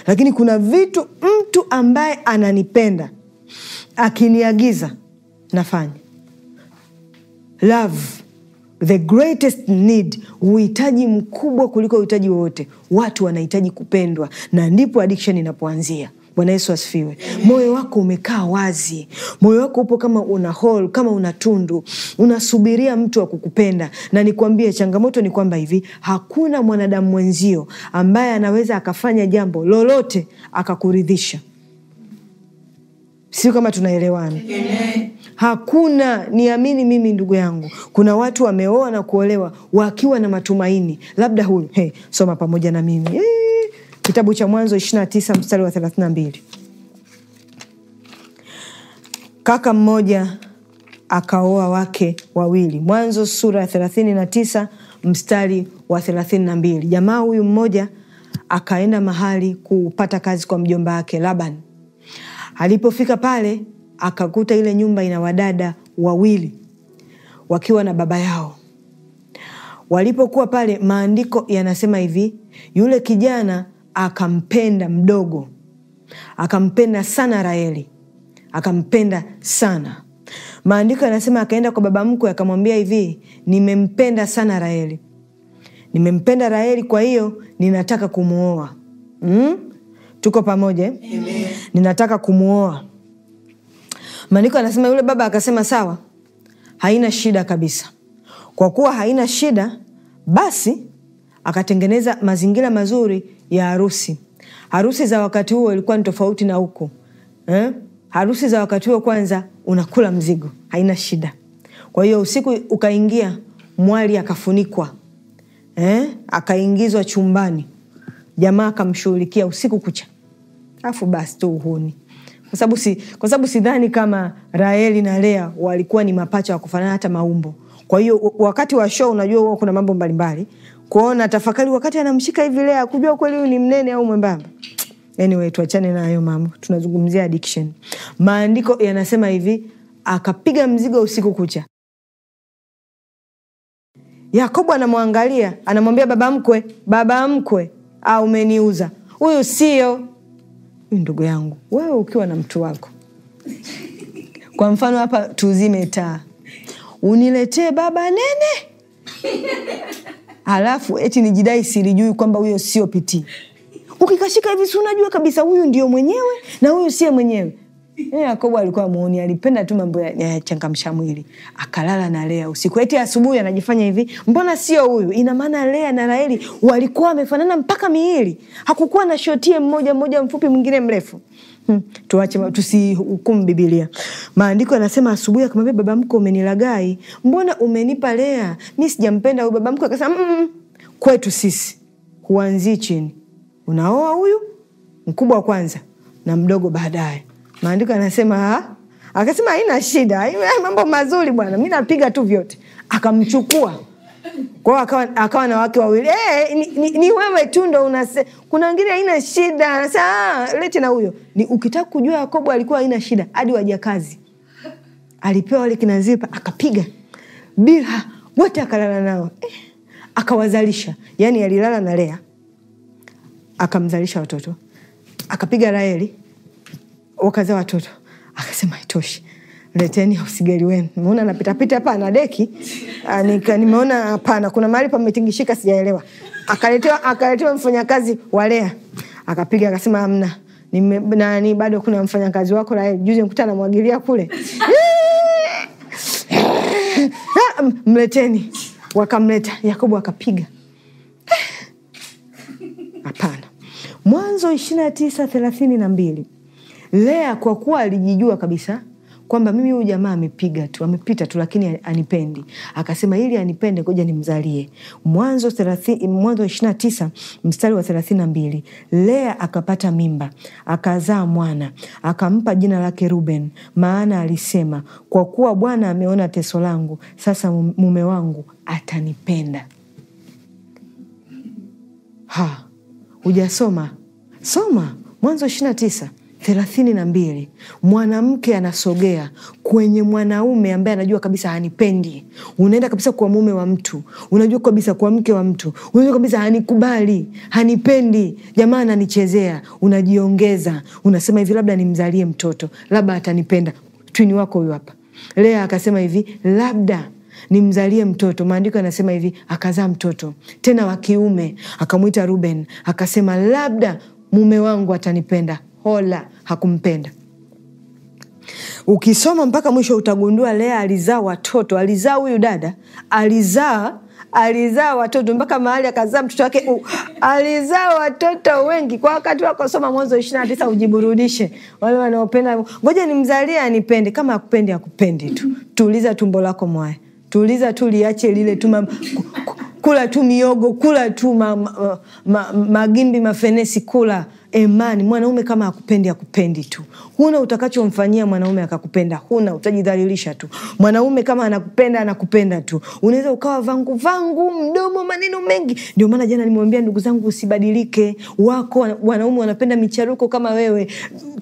lakini kuna vitu mtu ambaye ananipenda akiniagiza nafanya. Love the greatest need, uhitaji mkubwa kuliko uhitaji wowote, watu wanahitaji kupendwa, na ndipo addiction inapoanzia. Bwana Yesu asifiwe. Moyo wako umekaa wazi, moyo wako upo kama una hole, kama una tundu, unasubiria mtu wa kukupenda. Na nikuambie changamoto ni kwamba hivi, hakuna mwanadamu mwenzio ambaye anaweza akafanya jambo lolote akakuridhisha. Sio kama tunaelewana? Hakuna niamini mimi, ndugu yangu, kuna watu wameoa na kuolewa wakiwa na matumaini, labda huyu hey, soma pamoja na mimi hey, ee, kitabu cha Mwanzo 29 mstari wa 32. Kaka mmoja akaoa wake wawili. Mwanzo sura ya 39 mstari wa 32. Jamaa huyu mmoja akaenda mahali kupata kazi kwa mjomba wake Laban. Alipofika pale akakuta ile nyumba ina wadada wawili wakiwa na baba yao. Walipokuwa pale, maandiko yanasema hivi, yule kijana akampenda mdogo, akampenda sana Raheli, akampenda sana. Maandiko yanasema akaenda kwa baba mkwe akamwambia hivi, nimempenda sana Raheli, nimempenda Raheli, kwa hiyo ninataka kumwoa. Mm? Tuko pamoja, ninataka kumwoa Maandiko anasema yule baba akasema sawa, haina shida kabisa. Kwa kuwa haina shida, basi akatengeneza mazingira mazuri ya harusi. Harusi za wakati huo ilikuwa ni tofauti na huku eh? Harusi za wakati huo kwanza, unakula mzigo, haina shida. Kwa hiyo usiku ukaingia, mwali akafunikwa eh? Akaingizwa chumbani, jamaa akamshughulikia usiku kucha, afu basi tu uhuni kwa sababu si, kwa sababu sidhani kama Raheli na Lea walikuwa ni mapacha wa kufanana hata maumbo. Kwa hiyo wakati wa show, unajua huwa kuna mambo mbalimbali kuona tafakari, wakati anamshika hivi Lea, kujua kweli huyu ni mnene au mwembamba. Anyway, tuachane na hayo mambo, tunazungumzia addiction. Maandiko yanasema hivi, akapiga mzigo usiku kucha. Yakobo anamwangalia anamwambia, baba mkwe, baba mkwe, au umeniuza huyu sio ndugu yangu wewe ukiwa na mtu wako kwa mfano hapa tuzime taa uniletee baba nene alafu eti nijidai silijui kwamba huyo sio pitii ukikashika hivi si unajua kabisa huyu ndio mwenyewe na huyu sie mwenyewe Eh, Yakobo alikuwa muoni, alipenda tu mambo ya changamsha mwili, akalala na Lea usiku. Eti asubuhi anajifanya hivi, mbona sio huyu? Ina maana Lea na Raheli walikuwa wamefanana mpaka miili, hakukuwa na shotie mmoja mmoja mfupi mwingine mrefu. Hmm, tuache tusihukumu Bibilia. Maandiko yanasema asubuhi akamwambia baba mko, umenilagai, mbona umenipa Lea? Mi sijampenda huyu. Baba mko akasema mm, kwetu sisi huanzii chini, unaoa huyu mkubwa wa kwanza na mdogo baadaye. Maandiko anasema Akasema haina shida, mambo mazuri bwana, mi napiga tu vyote. Akamchukua kwao, akawa, akawa na wake wawili. Hey, eh, ni, ni, ni wewe tu ndo unase. Kuna wengine haina shida, anasema ah, lete na huyo. Ni ukitaka kujua Yakobo alikuwa haina shida, hadi wajakazi alipewa wale kinazipa akapiga bila wote, akalala nao eh, akawazalisha. Yani alilala na Lea akamzalisha watoto, akapiga Raheli wakazaa watoto. Akasema itoshi leteni usigari wenu. Meona napitapita hapa na deki ah, nimeona hapana, kuna mahali pametingishika, sijaelewa. Akaletewa, akaletewa mfanyakazi walea, akapiga akasema amna nani bado kuna mfanyakazi wako la juzi mkuta anamwagilia kule ah, mleteni. Wakamleta Yakobo akapiga hapana. Mwanzo ishirini na tisa thelathini na mbili Lea kwa kuwa alijijua kabisa kwamba mimi huyu jamaa amepiga tu amepita tu, lakini anipendi. Akasema ili anipende, ngoja nimzalie. Mwanzo Mwanzo ishirini na tisa mstari wa thelathini na mbili Lea akapata mimba akazaa mwana, akampa jina lake Ruben, maana alisema, kwa kuwa Bwana ameona teso langu, sasa mume wangu atanipenda. Ha, hujasoma? Soma Mwanzo ishirini na tisa thelathini na mbili mwanamke anasogea kwenye mwanaume ambaye anajua kabisa hanipendi. Unaenda kabisa kwa mume wa mtu, unajua kabisa kwa mke wa mtu, unajua kabisa hanikubali, hanipendi, jamaa ananichezea. Unajiongeza, unasema hivi, labda nimzalie mtoto, labda atanipenda. Twini wako huyu hapa. Lea akasema hivi, labda nimzalie mtoto. Maandiko yanasema hivi, akazaa mtoto tena wa kiume, akamwita Ruben, akasema labda mume wangu atanipenda. Ohola hakumpenda. Ukisoma mpaka mwisho utagundua Lea alizaa watoto, alizaa huyu dada alizaa alizaa watoto mpaka mahali akazaa mtoto wake uh, alizaa watoto wengi kwa wakati wako. Soma Mwanzo ishirini na tisa ujiburudishe. Wale wanaopenda ngoja nimzalie anipende, kama akupendi akupendi tu. Tuuliza tumbo lako mwaya, tuuliza tu liache lile tu kula tu miogo, kula tu ma, ma, ma, magimbi mafenesi, kula Emani, mwanaume kama akupendi akupendi tu, huna utakachomfanyia mwanaume akakupenda, huna utajidhalilisha tu. Mwanaume kama anakupenda anakupenda tu, unaweza ukawa vangu vangu, mdomo maneno mengi. Ndio maana jana nimwambia ndugu zangu, usibadilike. Wako wanaume wanapenda micharuko kama wewe,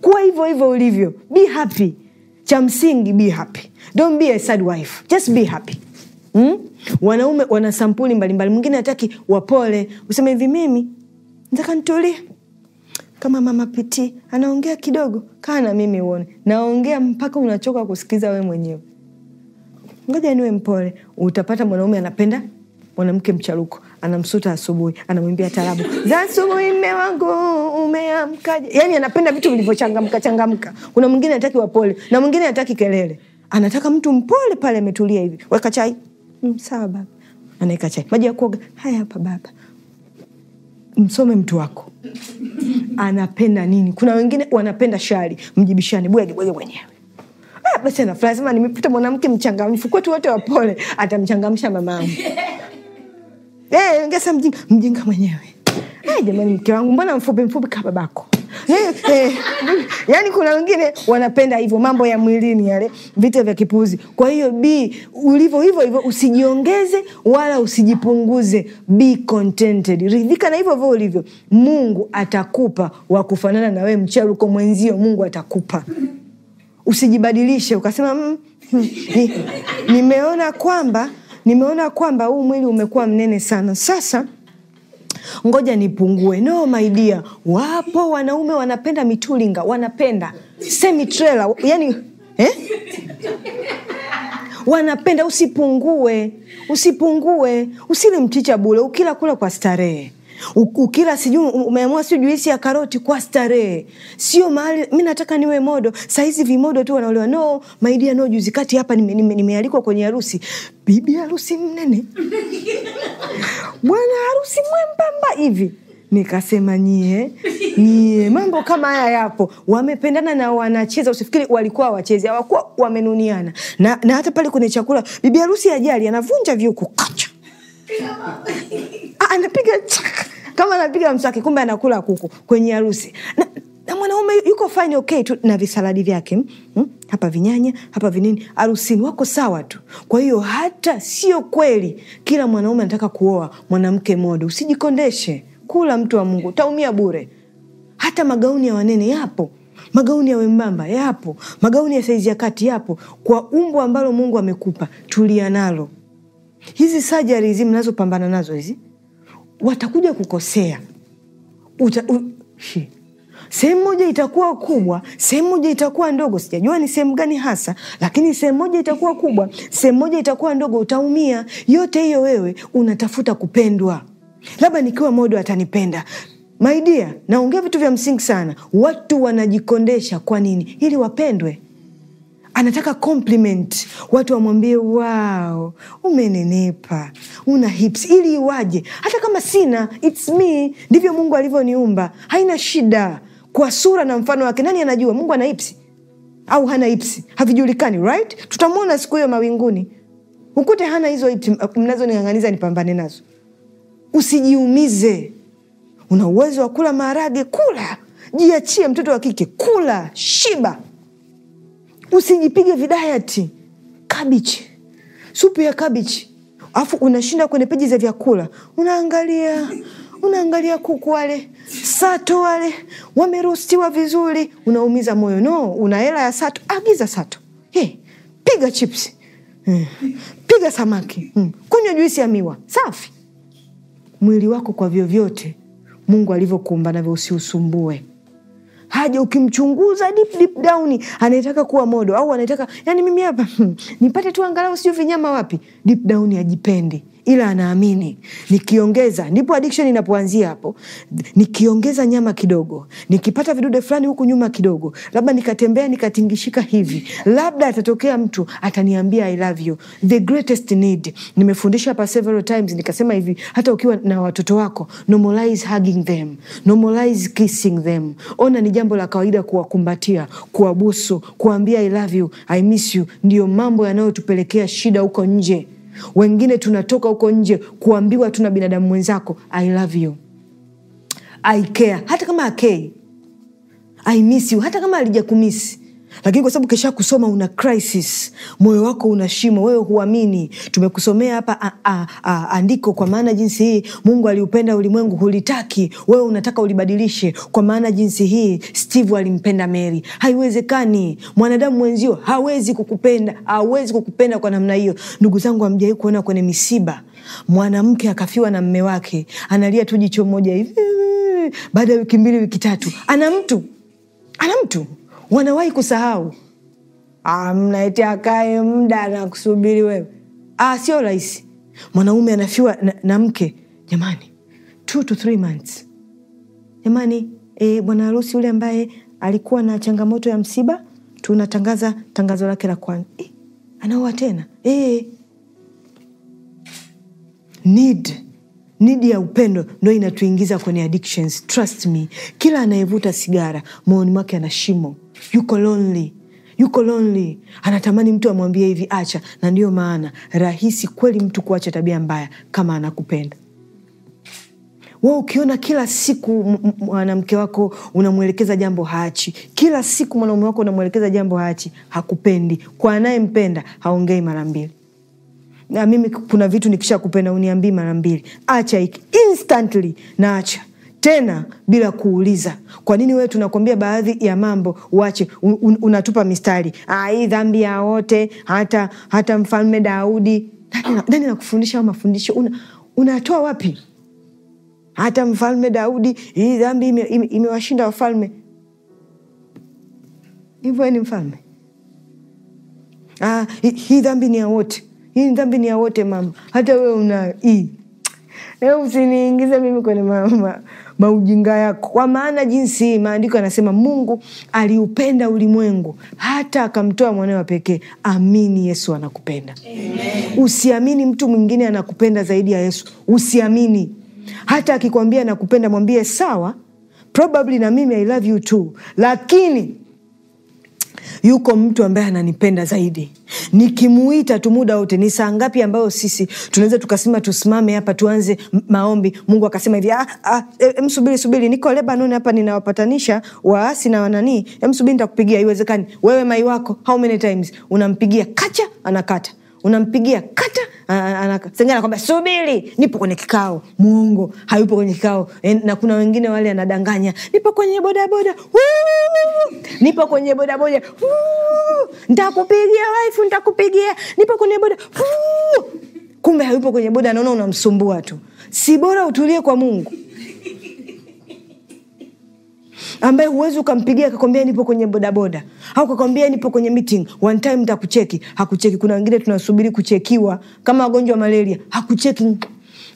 kuwa hivyo hivyo ulivyo, be happy. Cha msingi be happy, don't be a sad wife, just be happy. Mm? Wanaume wana sampuli mbalimbali, mwingine hataki wapole, useme hivi, mimi ntaka nitulie kama mama Piti anaongea kidogo, kaa na mimi uone, naongea mpaka unachoka kusikiza we mwenyewe. Ngoja niwe mpole, utapata mwanaume anapenda mwanamke mcharuko, anamsuta asubuhi, anamwimbia tarabu za asubuhi, mme wangu umeamkaje? Yani anapenda vitu vilivyochangamka changamka. Kuna mwingine ataki wapole na mwingine ataki kelele, anataka mtu mpole pale ametulia hivi, weka chai mm, sawa baba, anaeka chai, maji ya kuoga, haya hapa baba msome mtu wako anapenda nini. Kuna wengine wanapenda shari, mjibishane, bwege bwege mwenyewe. Ah, basi anafurahi sema, nimepata mwanamke mchangamfu, kwetu wote wapole, atamchangamsha mamangu. Eh, ngesa mjinga mjinga mwenyewe. Ah, jamani, mke wangu mbona mfupi mfupi kababako Eh, eh. yani kuna wengine wanapenda hivyo mambo ya mwilini yale vita vya kipuzi. Kwa hiyo b ulivyo hivyo hivyo, usijiongeze wala usijipunguze, be contented, ridhika na hivyo vyo ulivyo. Mungu atakupa wa kufanana na wewe, mcharuko mwenzio, Mungu atakupa usijibadilishe ukasema mm, nimeona kwamba nimeona kwamba huu mwili umekuwa mnene sana sasa ngoja nipungue. No my dear, wapo wanaume wanapenda mitulinga, wanapenda semitrela, yani eh? wanapenda usipungue, usipungue, usile mchicha bule, ukila kula kwa starehe ukila sijui umeamua sijui juisi ya karoti kwa starehe, sio mahali. Mi nataka niwe modo, sahizi vimodo tu wanaolewa. No maidi ya no. Juzi kati hapa nimealikwa nime, nime kwenye harusi, bibi harusi mnene, bwana harusi mwembamba hivi Nikasema nyie nyie, mambo kama haya yapo. Wamependana na wanacheza, usifikiri walikuwa wachezi, awakuwa wamenuniana na, na hata pale kwenye chakula bibi harusi ajali anavunja vyuku kacha, anapiga chaka kama anapiga mswaki, kumbe anakula kuku kwenye harusi na, na mwanaume yuko fine okay tu na visaladi vyake hmm? hapa vinyanya hapa vinini, harusini wako sawa tu. Kwa hiyo hata sio kweli kila mwanaume anataka kuoa mwanamke modo. Usijikondeshe, kula mtu wa Mungu, taumia bure. Hata magauni ya wanene yapo magauni ya wembamba yapo, magauni ya saizi ya kati yapo. Kwa umbo ambalo Mungu amekupa, tulia nalo. Hizi sajari hizi mnazopambana nazo hizi watakuja kukosea Uta, u, sehemu moja itakuwa kubwa, sehemu moja itakuwa ndogo. Sijajua ni sehemu gani hasa, lakini sehemu moja itakuwa kubwa, sehemu moja itakuwa ndogo, utaumia. Yote hiyo wewe unatafuta kupendwa, labda nikiwa modo atanipenda. maidia naongea vitu vya msingi sana. Watu wanajikondesha kwa nini? Ili wapendwe anataka compliment watu wamwambie wao, umenenepa, una hips, ili iwaje? Hata kama sina, it's me, ndivyo Mungu alivyoniumba, haina shida kwa sura na mfano wake. Nani anajua Mungu ana hipsi au hana hipsi? Havijulikani, right? Tutamwona siku hiyo mawinguni, ukute hana hizo hipsi mnazoning'ang'aniza nipambane nazo. Usijiumize. Una uwezo wa kula maharage, kula. Jiachie, mtoto wa kike, kula, shiba usijipige vidayati kabichi supu ya kabichi alafu unashinda kwenye peji za vyakula unaangalia unaangalia kuku wale sato wale wamerostiwa vizuri unaumiza moyo no una hela ya sato agiza sato hey, piga chipsi hmm. piga samaki hmm. kunywa juisi ya miwa safi mwili wako kwa vyovyote mungu alivyokuumba navyo usiusumbue haja ukimchunguza deep deep down anaitaka kuwa modo au anaitaka yani mimi hapa nipate tu angalau sio vinyama wapi deep down ajipendi ila anaamini nikiongeza, ndipo addiction inapoanzia hapo. Nikiongeza nyama kidogo, nikipata vidude fulani huku nyuma kidogo, labda nikatembea nikatingishika hivi, labda atatokea mtu ataniambia I love you. The greatest need, nimefundisha hapa several times, nikasema hivi, hata ukiwa na watoto wako, normalize hugging them, normalize kissing them. Ona ni jambo la kawaida kuwakumbatia, kuwabusu, kuambia I love you, I miss you. Ndiyo mambo yanayotupelekea shida huko nje. Wengine tunatoka huko nje kuambiwa tu na binadamu mwenzako I love you, I care, hata kama akei I miss you, hata kama alija kumisi lakini kwa sababu kisha kusoma una crisis, moyo wako una shimo, wewe huamini. Tumekusomea hapa andiko, kwa maana jinsi hii Mungu aliupenda ulimwengu, hulitaki wewe, unataka ulibadilishe. Kwa maana jinsi hii Steve alimpenda Mary. Haiwezekani, mwanadamu mwenzio hawezi kukupenda, hawezi kukupenda kwa namna hiyo. Ndugu zangu, hamjawahi kuona kwenye misiba mwanamke akafiwa na mme wake, analia tu jicho moja hivi, baada ya wiki mbili, wiki tatu, ana mtu, ana mtu wanawahi kusahau. Ah, mnaetea kae mda nakusubiri wewe, ah, sio rahisi. Mwanaume anafiwa na, na mke jamani, to months jamani. E, bwana harusi yule ambaye alikuwa na changamoto ya msiba tunatangaza tangazo lake la kwanza e, eh, anaoa tena e. Need nidi ya upendo ndo inatuingiza kwenye addictions. Trust me, kila anayevuta sigara moyoni mwake ana shimo yuko lonely yuko lonely, anatamani mtu amwambie hivi acha. Na ndiyo maana rahisi kweli mtu kuacha tabia mbaya kama anakupenda we Ukiona kila siku mwanamke wako unamwelekeza jambo haachi, kila siku mwanaume wako unamwelekeza jambo haachi, hakupendi. Kwa anayempenda haongei mara mbili. Na mimi kuna vitu nikisha kupenda uniambii mara mbili, acha hiki instantly, naacha tena bila kuuliza. Kwa nini wewe tunakwambia baadhi ya mambo uache, un, un, unatupa mistari hii dhambi ya wote, hata, hata mfalme Daudi. Nani nakufundisha na mafundisho una, unatoa wapi? Hata mfalme Daudi, hii dhambi imewashinda ime, ime wafalme hivyo ni mfalme. Ah, hii dhambi ni ya wote, hii dhambi ni ya wote mama, hata wewe una hii usiniingize mimi kwenye maujinga ma, ma yako, kwa maana jinsi maandiko yanasema, Mungu aliupenda ulimwengu hata akamtoa mwanae wa pekee. Amini Yesu anakupenda. Amen. Usiamini mtu mwingine anakupenda zaidi ya Yesu, usiamini. Hata akikwambia anakupenda, mwambie sawa, probably na mimi I love you too, lakini yuko mtu ambaye ananipenda zaidi nikimuita tu muda wote. Ni saa ngapi ambayo sisi tunaweza tukasema tusimame hapa tuanze maombi? Mungu akasema hivi, ah, ah, e, msubiri subiri, niko Lebanon hapa, ninawapatanisha waasi na wananii, msubiri ntakupigia Iwezekani wewe mai wako how many times unampigia kacha, anakata unampigia kata sengine anakwambia subiri, nipo kwenye kikao. Mwongo, hayupo kwenye kikao. E, na kuna wengine wale anadanganya, nipo kwenye bodaboda, nipo kwenye bodaboda, ntakupigia waifu, ntakupigia, nipo kwenye boda, kumbe hayupo kwenye boda, naona unamsumbua tu. Si bora utulie kwa Mungu ambaye huwezi ukampigia akakwambia nipo kwenye bodaboda au kakwambia nipo kwenye meeting one time takucheki hakucheki kuna wengine tunasubiri kuchekiwa kama wagonjwa wa malaria hakucheki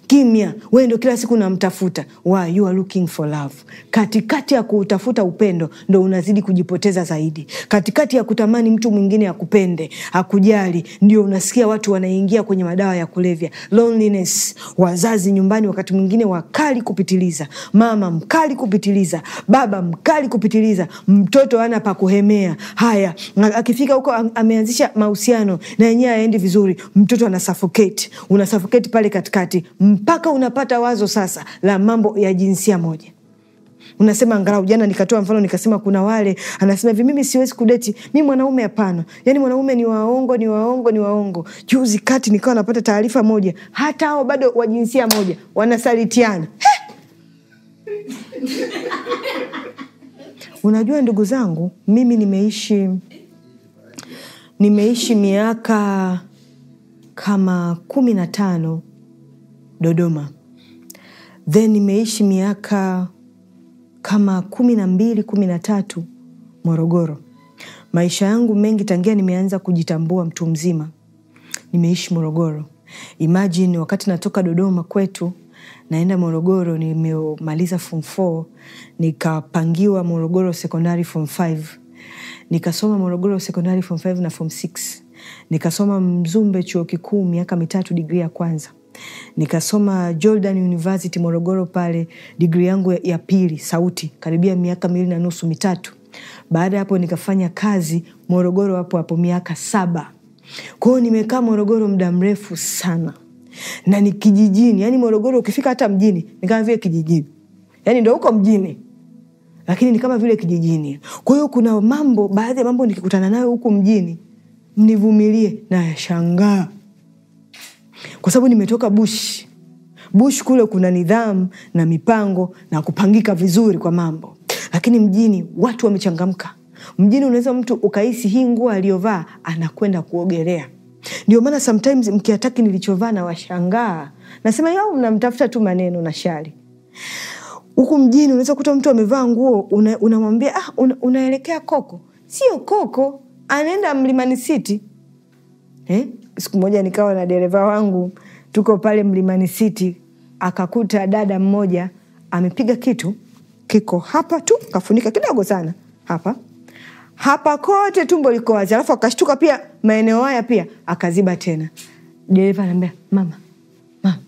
kimya. we ndo kila siku namtafuta. why you are looking for love. Katikati ya kuutafuta upendo ndo unazidi kujipoteza zaidi. Katikati ya kutamani mtu mwingine akupende, akujali, ndio unasikia watu wanaingia kwenye madawa ya kulevya. Loneliness, wazazi nyumbani wakati mwingine wakali kupitiliza, mama mkali kupitiliza, baba mkali kupitiliza, mtoto ana pa kuhemea. Haya, akifika huko ameanzisha mahusiano na yenyewe aendi vizuri, mtoto anasuffocate, unasuffocate pale katikati mpaka unapata wazo sasa la mambo ya jinsia moja unasema angalau jana nikatoa mfano nikasema kuna wale anasema hivi mimi siwezi kudeti mi mwanaume hapana yani mwanaume ni waongo ni waongo ni waongo juzi kati nikawa napata taarifa moja hata hao bado wa jinsia moja wanasalitiana unajua ndugu zangu mimi nimeishi nimeishi miaka kama kumi na tano Dodoma, then nimeishi miaka kama kumi na mbili kumi na tatu Morogoro. Maisha yangu mengi tangia nimeanza kujitambua mtu mzima nimeishi Morogoro. Imagine wakati natoka Dodoma kwetu naenda Morogoro, nimemaliza form 4 nikapangiwa Morogoro Secondary form 5 nikasoma Morogoro Secondary form 5 na form 6 nikasoma Mzumbe chuo kikuu miaka mitatu digrii ya kwanza. Nikasoma Jordan University Morogoro pale digri yangu ya, pili sauti, karibia miaka miwili na nusu mitatu. Baada ya hapo nikafanya kazi Morogoro hapo hapo miaka saba. Kwa hiyo nimekaa Morogoro muda mrefu sana na ni kijijini, yani Morogoro ukifika hata mjini ni kama vile kijijini, yani ndo huko mjini lakini ni kama vile kijijini. Kwa hiyo kuna mambo, baadhi ya mambo nikikutana nayo huku mjini, mnivumilie, nayashangaa kwa sababu nimetoka bush bush kule kuna nidhamu na mipango na kupangika vizuri kwa mambo lakini mjini watu wamechangamka mjini unaweza mtu ukahisi hii nguo aliyovaa anakwenda kuogelea ndio maana sometimes mkiataki nilichovaa na washangaa nasema yao mnamtafuta tu maneno na shari huku mjini unaweza kuta mtu amevaa nguo unamwambia una ah, una, unaelekea koko sio koko anaenda mlimani city eh? siku moja nikawa na dereva wangu, tuko pale Mlimani City, akakuta dada mmoja amepiga kitu kiko hapa tu, kafunika kidogo sana hapa hapa, kote tumbo liko wazi, alafu akashtuka pia maeneo haya pia akaziba tena. Dereva anaambia mama, mama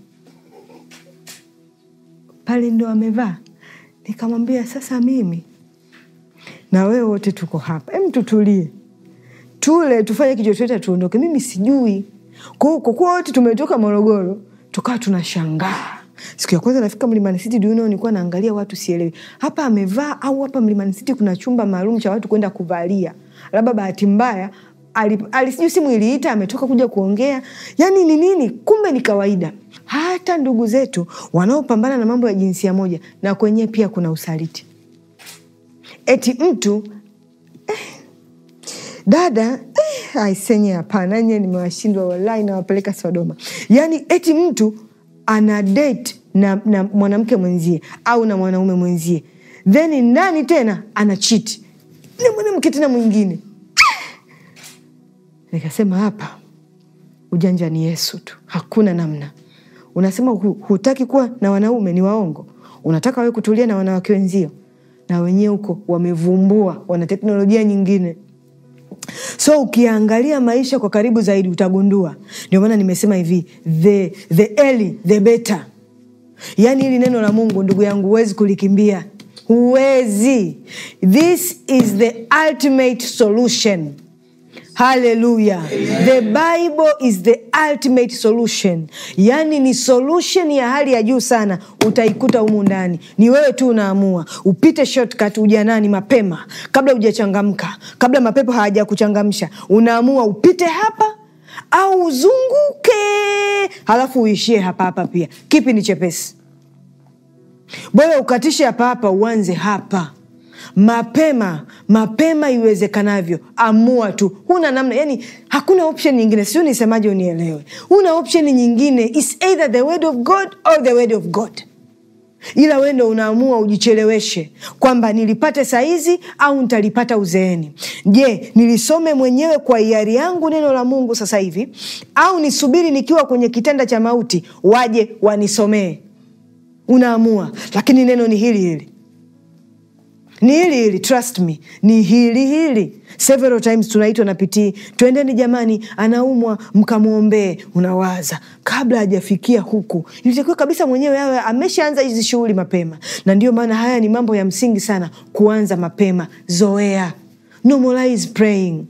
pale ndo amevaa. Nikamwambia sasa mimi na wewe wote tuko hapa, hem, tutulie tule tufanye kichochote tuondoke, mimi sijui. Kwa hiyo wote tumetoka Morogoro, tukawa tunashangaa Siku ya kwanza nafika Mlimani City duno, nikuwa naangalia watu, sielewi hapa amevaa au hapa Mlimani City kuna chumba maalum cha watu kwenda kuvalia, labda bahati mbaya alisijui simu iliita, ametoka kuja kuongea, yani ni nini? Kumbe ni kawaida. Hata ndugu zetu wanaopambana na mambo ya jinsia moja, na kwenyewe pia kuna usaliti, eti mtu dada eh, aisenye hapana, nye nimewashindwa walai, nawapeleka Sodoma. Yani eti mtu ana date na, na mwanamke mwenzie au na mwanaume mwenzie then ndani tena ana chiti na mwanamke tena mwingine. Nikasema hapa ujanja ni Yesu tu, hakuna namna. Unasema hu, hutaki kuwa na wanaume ni waongo, unataka wewe kutulia na wanawake wenzio, na wenyewe huko wamevumbua, wana teknolojia nyingine so ukiangalia maisha kwa karibu zaidi utagundua. Ndio maana nimesema hivi the, the early, the beta Yaani hili neno la Mungu ndugu yangu, huwezi kulikimbia, huwezi. This is the ultimate solution haleluya the bible is the ultimate solution yani ni solution ya hali ya juu sana utaikuta humu ndani ni wewe tu unaamua upite shortcut ujanani mapema kabla hujachangamka kabla mapepo hawajakuchangamsha unaamua upite hapa au uzunguke halafu uishie hapahapa pia kipi ni chepesi bora ukatishe hapahapa uanze hapa mapema mapema iwezekanavyo. Amua tu, huna namna, yani hakuna option nyingine. Siu nisemaje, unielewe. Huna option nyingine, is either the word of God or the word of God ila wewe ndo unaamua ujicheleweshe, kwamba nilipate saizi au ntalipata uzeeni. Je, nilisome mwenyewe kwa hiari yangu neno la Mungu sasa hivi au nisubiri nikiwa kwenye kitanda cha mauti waje wanisomee? Unaamua, lakini neno ni hili hili ni hili hili, trust me, ni hili hili. Several times tunaitwa na pitii, e. twendeni jamani, anaumwa mkamwombee. Unawaza kabla hajafikia huku, ilitakiwa kabisa mwenyewe awe ameshaanza hizi shughuli mapema, na ndio maana haya ni mambo ya msingi sana kuanza mapema. Zoea, normalize praying.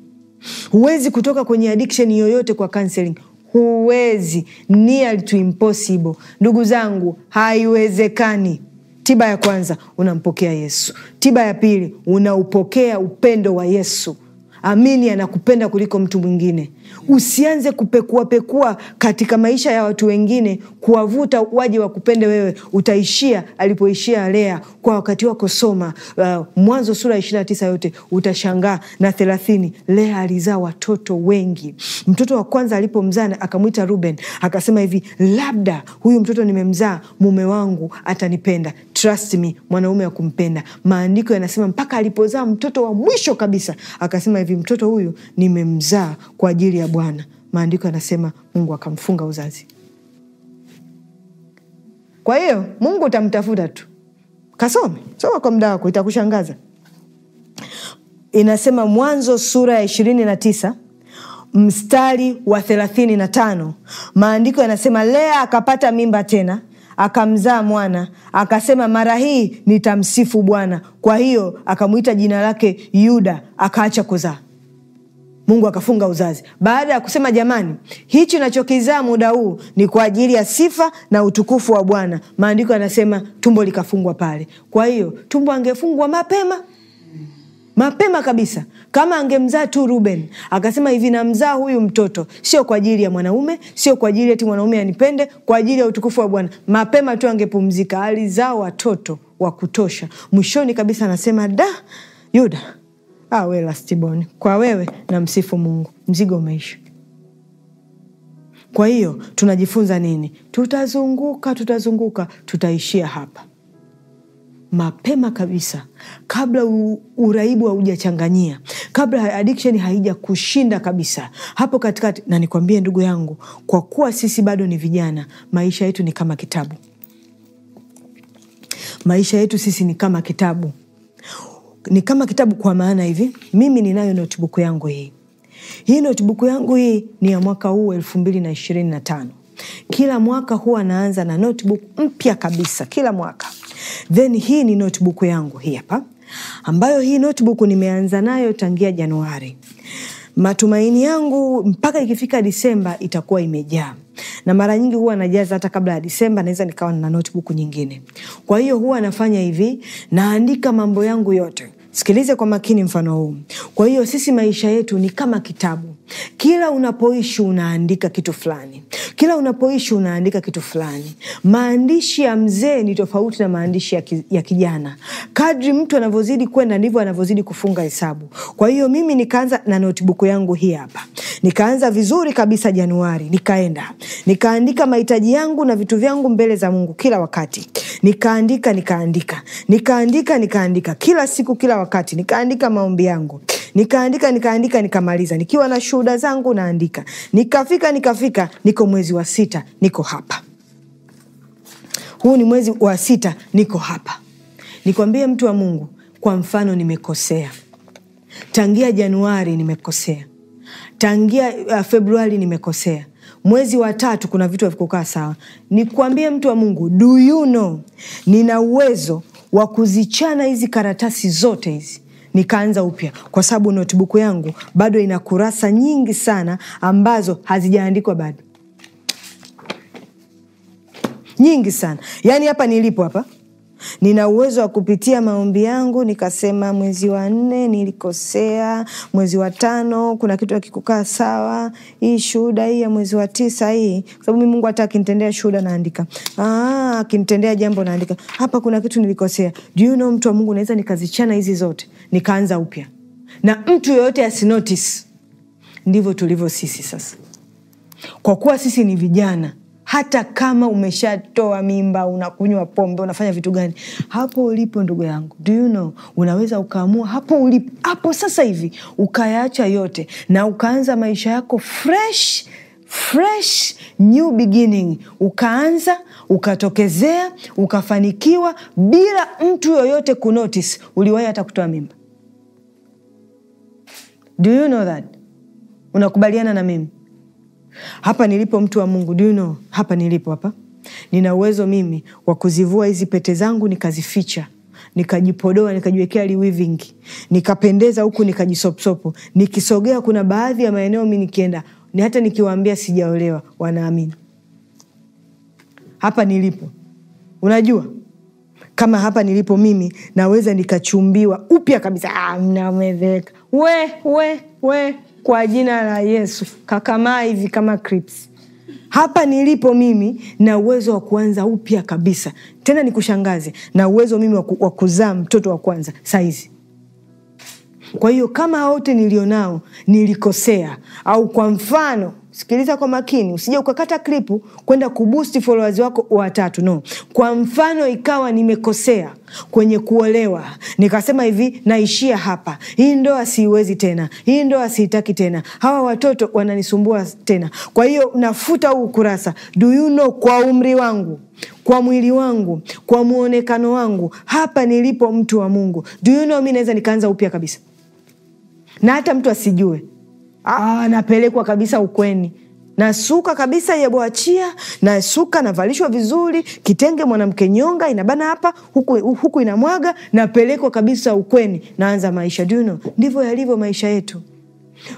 Huwezi kutoka kwenye addiction yoyote kwa counseling. Huwezi, near to impossible. Ndugu zangu, haiwezekani. Tiba ya kwanza unampokea Yesu. Tiba ya pili unaupokea upendo wa Yesu. Amini, anakupenda kuliko mtu mwingine. Usianze kupekuapekua katika maisha ya watu wengine, kuwavuta waje wakupende wewe. Utaishia alipoishia Lea kwa wakati wako. Soma uh, Mwanzo sura ya ishirini na tisa yote utashangaa, na thelathini. Lea alizaa watoto wengi. Mtoto wa kwanza alipomzaa akamwita Ruben, akasema hivi, labda huyu mtoto nimemzaa mume wangu atanipenda. Trust me, mwanaume wa kumpenda. Maandiko yanasema mpaka alipozaa mtoto wa mwisho kabisa akasema hivi, mtoto huyu nimemzaa kwa ajili ya Bwana, maandiko yanasema Mungu akamfunga uzazi. Kwa hiyo Mungu utamtafuta tu, kasome, soma kwa muda wako, itakushangaza. Inasema Mwanzo sura ya ishirini na tisa mstari wa thelathini na tano maandiko yanasema Lea akapata mimba tena akamzaa mwana, akasema mara hii nitamsifu Bwana. Kwa hiyo akamwita jina lake Yuda, akaacha kuzaa. Mungu akafunga uzazi baada ya kusema, jamani, hichi nachokizaa muda huu ni kwa ajili ya sifa na utukufu wa Bwana. Maandiko yanasema tumbo likafungwa pale. Kwa hiyo tumbo angefungwa mapema mapema kabisa. Kama angemzaa tu Ruben akasema hivi, namzaa huyu mtoto sio kwa ajili ya mwanaume, sio kwa ajili ati mwanaume anipende, kwa ajili ya utukufu wa Bwana, mapema tu angepumzika. Alizaa watoto wa kutosha. Mwishoni kabisa anasema da, Yuda Ah, we lastibon, Kwa wewe na msifu Mungu, mzigo umeisha. Kwa hiyo tunajifunza nini? Tutazunguka, tutazunguka, tutaishia hapa mapema kabisa, kabla u, uraibu haujachanganyia, kabla addiction haija kushinda kabisa, hapo katikati. Na nikwambie ndugu yangu, kwa kuwa sisi bado ni vijana, maisha yetu ni kama kitabu. Maisha yetu sisi ni kama kitabu ni kama kitabu kwa maana hivi, mimi ninayo notebook yangu hii. Hii notebook yangu hii ni ya mwaka huu elfu mbili na ishirini na tano. Kila mwaka huwa naanza na notebook mpya kabisa kila mwaka, then hii ni notebook yangu hii hapa, ambayo hii notebook nimeanza nayo tangia Januari. Matumaini yangu mpaka ikifika Disemba itakuwa imejaa na mara nyingi huwa najaza hata kabla ya Disemba, naweza nikawa na notebook nyingine. Kwa hiyo huwa nafanya hivi, naandika mambo yangu yote. Sikilize kwa makini mfano huu. Kwa hiyo sisi maisha yetu ni kama kitabu kila unapoishi unaandika kitu fulani, kila unapoishi unaandika kitu fulani. Maandishi ya mzee ni tofauti na maandishi ya, ki, ya kijana. Kadri mtu anavyozidi kwenda ndivyo anavyozidi kufunga hesabu. Kwa hiyo mimi nikaanza na notebook yangu hii hapa, nikaanza vizuri kabisa Januari, nikaenda nikaandika mahitaji yangu na vitu vyangu mbele za Mungu kila wakati nikaandika nikaandika nikaandika nikaandika kila siku kila wakati nikaandika maombi yangu nikaandika nikaandika nikamaliza, nikiwa na shuhuda zangu naandika, nikafika nikafika, niko mwezi wa sita, niko hapa. Huu ni mwezi wa sita, niko hapa. Nikwambie mtu wa Mungu, kwa mfano, nimekosea tangia Januari, nimekosea tangia uh, Februari, nimekosea mwezi wa tatu kuna vitu havikukaa sawa. Nikwambie mtu wa Mungu, duyuno you know, nina uwezo wa kuzichana hizi karatasi zote hizi nikaanza upya, kwa sababu notebook yangu bado ina kurasa nyingi sana ambazo hazijaandikwa bado, nyingi sana. Yaani hapa nilipo hapa nina uwezo wa kupitia maombi yangu nikasema, mwezi wa nne nilikosea, mwezi wa tano kuna kitu akikukaa sawa, hii shuhuda hii ya mwezi wa tisa hii, kwa sababu mi Mungu hata akinitendea shuhuda naandika, ah, akinitendea jambo naandika, hapa kuna kitu nilikosea. Do you know, mtu wa Mungu, naweza nikazichana hizi zote nikaanza upya, na mtu yoyote asinotis Ndivyo tulivyo sisi sasa, kwa kuwa sisi ni vijana hata kama umeshatoa mimba, unakunywa pombe, unafanya vitu gani, hapo ulipo ndugu yangu, do you know, unaweza ukaamua hapo ulipo, hapo sasa hivi ukayaacha yote na ukaanza maisha yako fresh fresh new beginning, ukaanza ukatokezea ukafanikiwa bila mtu yoyote kunotis uliwahi hata kutoa mimba. Do you know that? Unakubaliana na mimi? Hapa nilipo mtu wa Mungu, do you know, hapa nilipo hapa nina uwezo mimi wa kuzivua hizi pete zangu nikazificha nikajipodoa nikajiwekea liwivingi nikapendeza huku nikajisopsopo. Nikisogea kuna baadhi ya maeneo mi nikienda ni hata nikiwaambia sijaolewa wanaamini. Hapa nilipo, unajua kama hapa nilipo mimi naweza nikachumbiwa upya kabisa. Ah, mnamezeeka we we we kwa jina la Yesu, kakamaa hivi kama crips. Hapa nilipo mimi na uwezo wa kuanza upya kabisa, tena nikushangaze, na uwezo mimi wa kuzaa mtoto wa kwanza saizi. Kwa hiyo kama wote nilionao nilikosea, au kwa mfano sikiliza kwa makini, usije ukakata klipu kwenda kubusti followers wako watatu. No, kwa mfano ikawa nimekosea kwenye kuolewa, nikasema hivi, naishia hapa, hii ndoa siiwezi tena, hii ndoa siitaki tena, hawa watoto wananisumbua tena, kwa hiyo nafuta huu ukurasa. Do you know, kwa umri wangu kwa mwili wangu, kwa mwonekano wangu, hapa nilipo, mtu wa Mungu, do you know, mi naweza nikaanza upya kabisa, na hata mtu asijue anapelekwa ah, ah, kabisa ukweni nasuka kabisa yeboachia nasuka, navalishwa vizuri kitenge, mwanamke nyonga inabana hapa huku, huku inamwaga, napelekwa kabisa ukweni, naanza maisha. you know? Ndivyo yalivyo maisha yetu.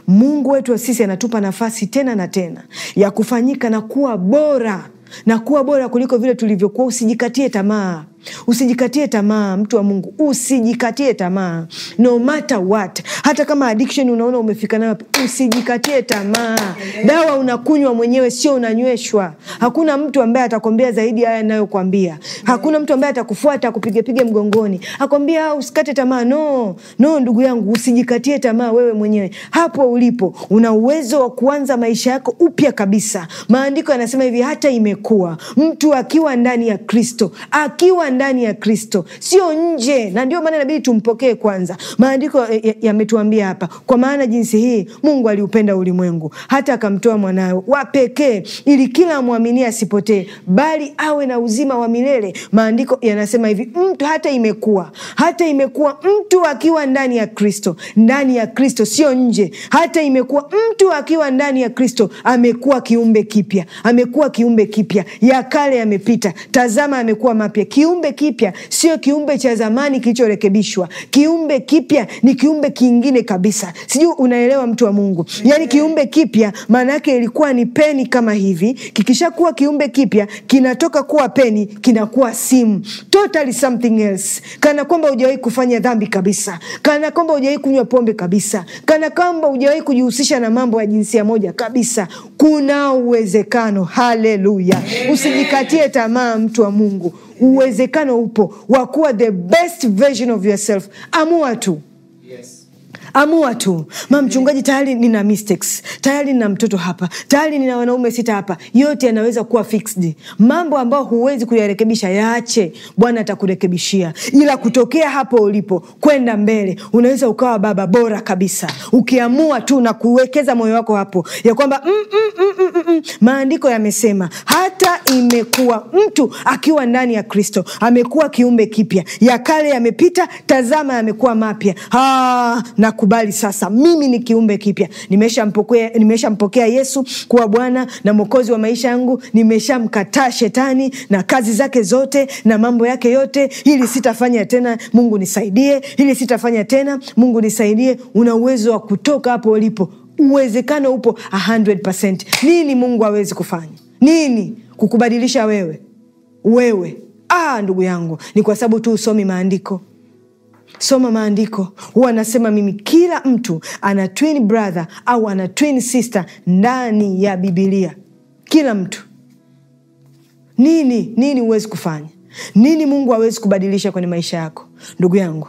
Mungu wetu sisi anatupa nafasi tena na tena ya kufanyika na kuwa bora na kuwa bora kuliko vile tulivyokuwa. Usijikatie tamaa. Usijikatie tamaa, mtu wa Mungu, usijikatie tamaa no matter what. Hata kama addiction unaona umefika nayo usijikatie tamaa. Dawa unakunywa mwenyewe, sio unanyweshwa. Hakuna mtu ambaye atakwambia zaidi haya anayokwambia. Hakuna mtu ambaye atakufuata akupigepige mgongoni akwambia ah, usikate tamaa. No, no, ndugu yangu, usijikatie tamaa wewe mwenyewe. Hapo ulipo una uwezo wa kuanza maisha yako upya kabisa. Maandiko yanasema hivi, hata imekuwa mtu akiwa ndani ya Kristo akiwa ndani ya kristo sio nje na ndio maana inabidi tumpokee kwanza maandiko eh, yametuambia ya hapa kwa maana jinsi hii mungu aliupenda ulimwengu hata akamtoa mwanawe wa pekee ili kila mwamini asipotee bali awe na uzima wa milele maandiko yanasema hivi mtu hata imekuwa hata imekuwa mtu akiwa ndani ya kristo ndani ya kristo sio nje hata imekuwa mtu akiwa ndani ya kristo amekuwa kiumbe kipya amekuwa kiumbe kipya ya kale yamepita tazama amekuwa mapya kiumbe kiumbe kipya sio kiumbe cha zamani kilichorekebishwa. Kiumbe kipya ni kiumbe kingine kabisa, sijui unaelewa, mtu wa Mungu. Yani kiumbe kipya maana yake ilikuwa ni peni kama hivi, kikishakuwa kiumbe kipya kinatoka kuwa peni kinakuwa simu, totally something else, kana kwamba hujawahi kufanya dhambi kabisa, kana kwamba hujawahi kunywa pombe kabisa, kana kwamba hujawahi kujihusisha na mambo ya jinsia moja kabisa. Kuna uwezekano. Haleluya! Usijikatie tamaa, mtu wa Mungu uwezekano upo wa kuwa the best version of yourself. Amua tu amua tu ma mchungaji, tayari nina mistakes, tayari nina mtoto hapa, tayari nina wanaume sita hapa, yote yanaweza kuwa fixed. Mambo ambayo huwezi kuyarekebisha yaache, Bwana atakurekebishia, ila kutokea hapo ulipo kwenda mbele, unaweza ukawa baba bora kabisa ukiamua tu na kuwekeza moyo wako hapo ya kwamba mm, mm, mm, mm, mm. mm. Maandiko yamesema hata imekuwa mtu akiwa ndani ya Kristo amekuwa kiumbe kipya, ya kale yamepita, tazama yamekuwa mapya ah, na nakubali sasa mimi ni kiumbe kipya nimeshampokea nimeshampokea yesu kuwa bwana na mwokozi wa maisha yangu nimeshamkataa shetani na kazi zake zote na mambo yake yote hili sitafanya tena mungu nisaidie hili sitafanya tena mungu nisaidie una uwezo wa kutoka hapo ulipo uwezekano upo 100 nini mungu awezi kufanya nini kukubadilisha wewe wewe ah, ndugu yangu ni kwa sababu tu usomi maandiko Soma maandiko huwa anasema mimi, kila mtu ana twin brother au ana twin sister ndani ya Bibilia. Kila mtu nini nini huwezi kufanya nini, Mungu awezi kubadilisha kwenye maisha yako, ndugu yangu,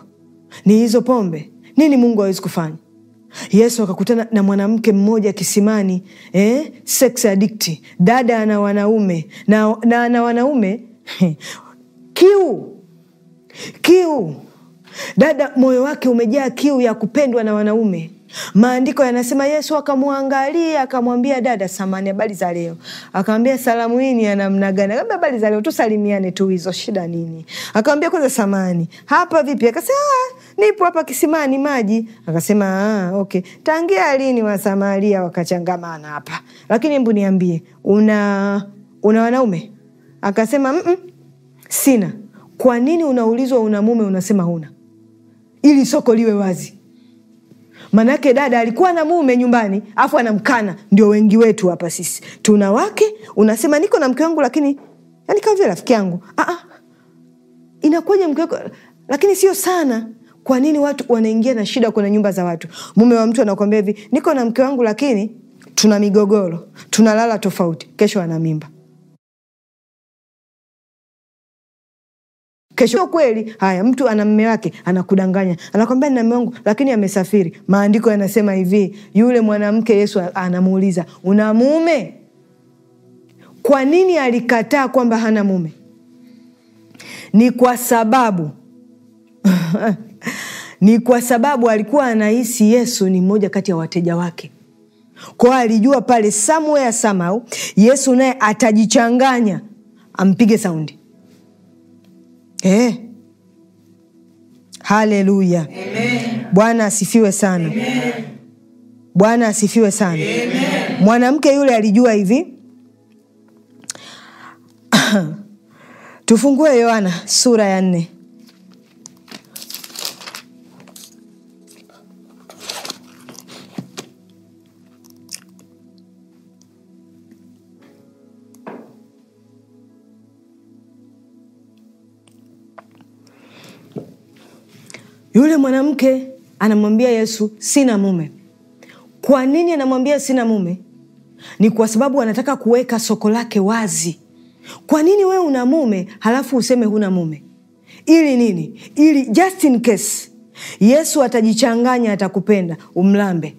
ni hizo pombe. Nini Mungu awezi kufanya? Yesu akakutana na mwanamke mmoja kisimani, eh, sex addict, dada ana wanaume na ana wanaume kiu kiu Dada moyo wake umejaa kiu ya kupendwa na wanaume. Maandiko yanasema Yesu akamwangalia akamwambia, dada samani, habari za leo? Akamwambia, salamu hii ni ya namna gani? Akamwambia, habari za leo, tusalimiane tu, hizo shida nini? Akamwambia, kwanza samani, hapa vipi? Akasema, ah, nipo hapa kisimani maji. Akasema, ah, okay, tangia lini wasamaria wakachangamana hapa? Lakini mbu niambie, una una wanaume? Akasema, mm -mm, sina. Kwa nini unaulizwa una mume unasema huna? ili soko liwe wazi. Manake dada alikuwa na mume nyumbani afu anamkana. Ndio wengi wetu hapa sisi, tuna wake, unasema niko na mke wangu, lakini yani kama vile rafiki yangu. Ah, ah. Inakuwaje mke wako? Lakini sio sana. Kwa nini watu wanaingia na shida kwenye nyumba za watu? Mume wa mtu anakwambia hivi, niko na mke wangu, lakini tuna migogoro, tunalala tofauti, kesho ana mimba. kesho kweli. Haya, mtu ana mme wake anakudanganya, anakwambia nina mme wangu lakini amesafiri. Maandiko yanasema hivi, yule mwanamke Yesu anamuuliza una mume? Kwa nini alikataa kwamba hana mume? Ni kwa sababu ni kwa sababu alikuwa anahisi Yesu ni mmoja kati ya wateja wake. kwao. alijua pale somewhere somehow Yesu naye atajichanganya ampige saundi eh. haleluya bwana asifiwe sana bwana asifiwe sana Amen. mwanamke yule alijua hivi tufungue yohana sura ya nne Yule mwanamke anamwambia Yesu, sina mume. Kwa nini anamwambia sina mume? Ni kwa sababu anataka kuweka soko lake wazi. Kwa nini wewe una mume halafu useme huna mume? Ili nini? Ili just in case Yesu atajichanganya, atakupenda, umlambe,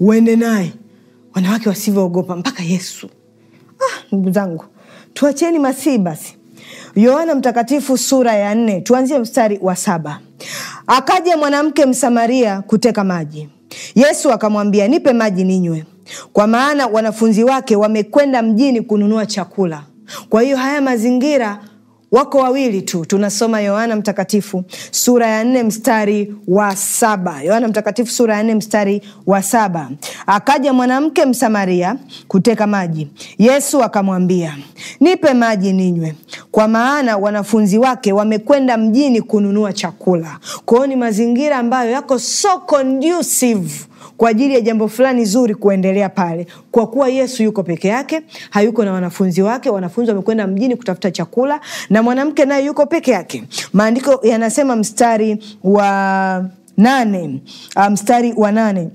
uende naye. Wanawake wasivyoogopa mpaka Yesu. Ah, ndugu zangu, tuacheni masii basi. Yohana Mtakatifu sura ya nne tuanzie mstari wa saba. Akaja mwanamke Msamaria kuteka maji. Yesu akamwambia, nipe maji ninywe, kwa maana wanafunzi wake wamekwenda mjini kununua chakula. Kwa hiyo haya mazingira Wako wawili tu, tunasoma Yohana Mtakatifu sura ya nne mstari wa saba. Yohana Mtakatifu sura ya nne mstari wa saba. Akaja mwanamke Msamaria kuteka maji. Yesu akamwambia, nipe maji ninywe, kwa maana wanafunzi wake wamekwenda mjini kununua chakula. kwao ni mazingira ambayo yako so conducive kwa ajili ya jambo fulani zuri kuendelea pale, kwa kuwa Yesu yuko peke yake, hayuko na wanafunzi wake. Wanafunzi wamekwenda mjini kutafuta chakula, na mwanamke naye yuko peke yake. Maandiko yanasema mstari wa nane, ah, mstari wa nane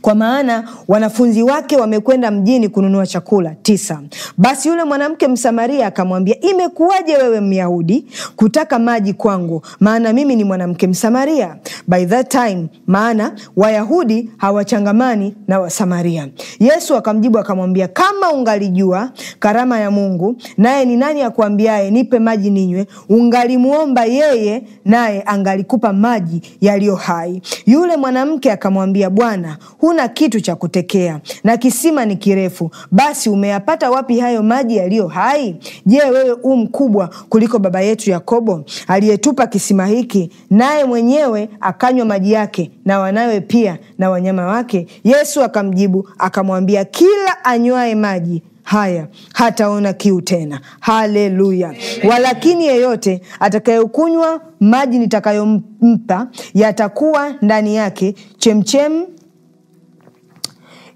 kwa maana wanafunzi wake wamekwenda mjini kununua chakula. tisa. Basi yule mwanamke Msamaria akamwambia, imekuwaje wewe Myahudi kutaka maji kwangu, maana mimi ni mwanamke Msamaria? By that time, maana Wayahudi hawachangamani na Wasamaria. Yesu akamjibu akamwambia, kama ungalijua karama ya Mungu, naye ni nani akuambiaye nipe maji ninywe, ungalimwomba yeye, naye angalikupa maji yaliyo hai. Yule mwanamke akamwambia, Bwana, huna hakuna kitu cha kutekea na kisima ni kirefu. Basi umeyapata wapi hayo maji yaliyo hai? Je, wewe u mkubwa kuliko baba yetu Yakobo aliyetupa kisima hiki, naye mwenyewe akanywa maji yake na wanawe pia na wanyama wake? Yesu akamjibu akamwambia, kila anywaye maji haya hataona kiu tena. Haleluya! Walakini yeyote atakayekunywa maji nitakayompa yatakuwa ndani yake chemchem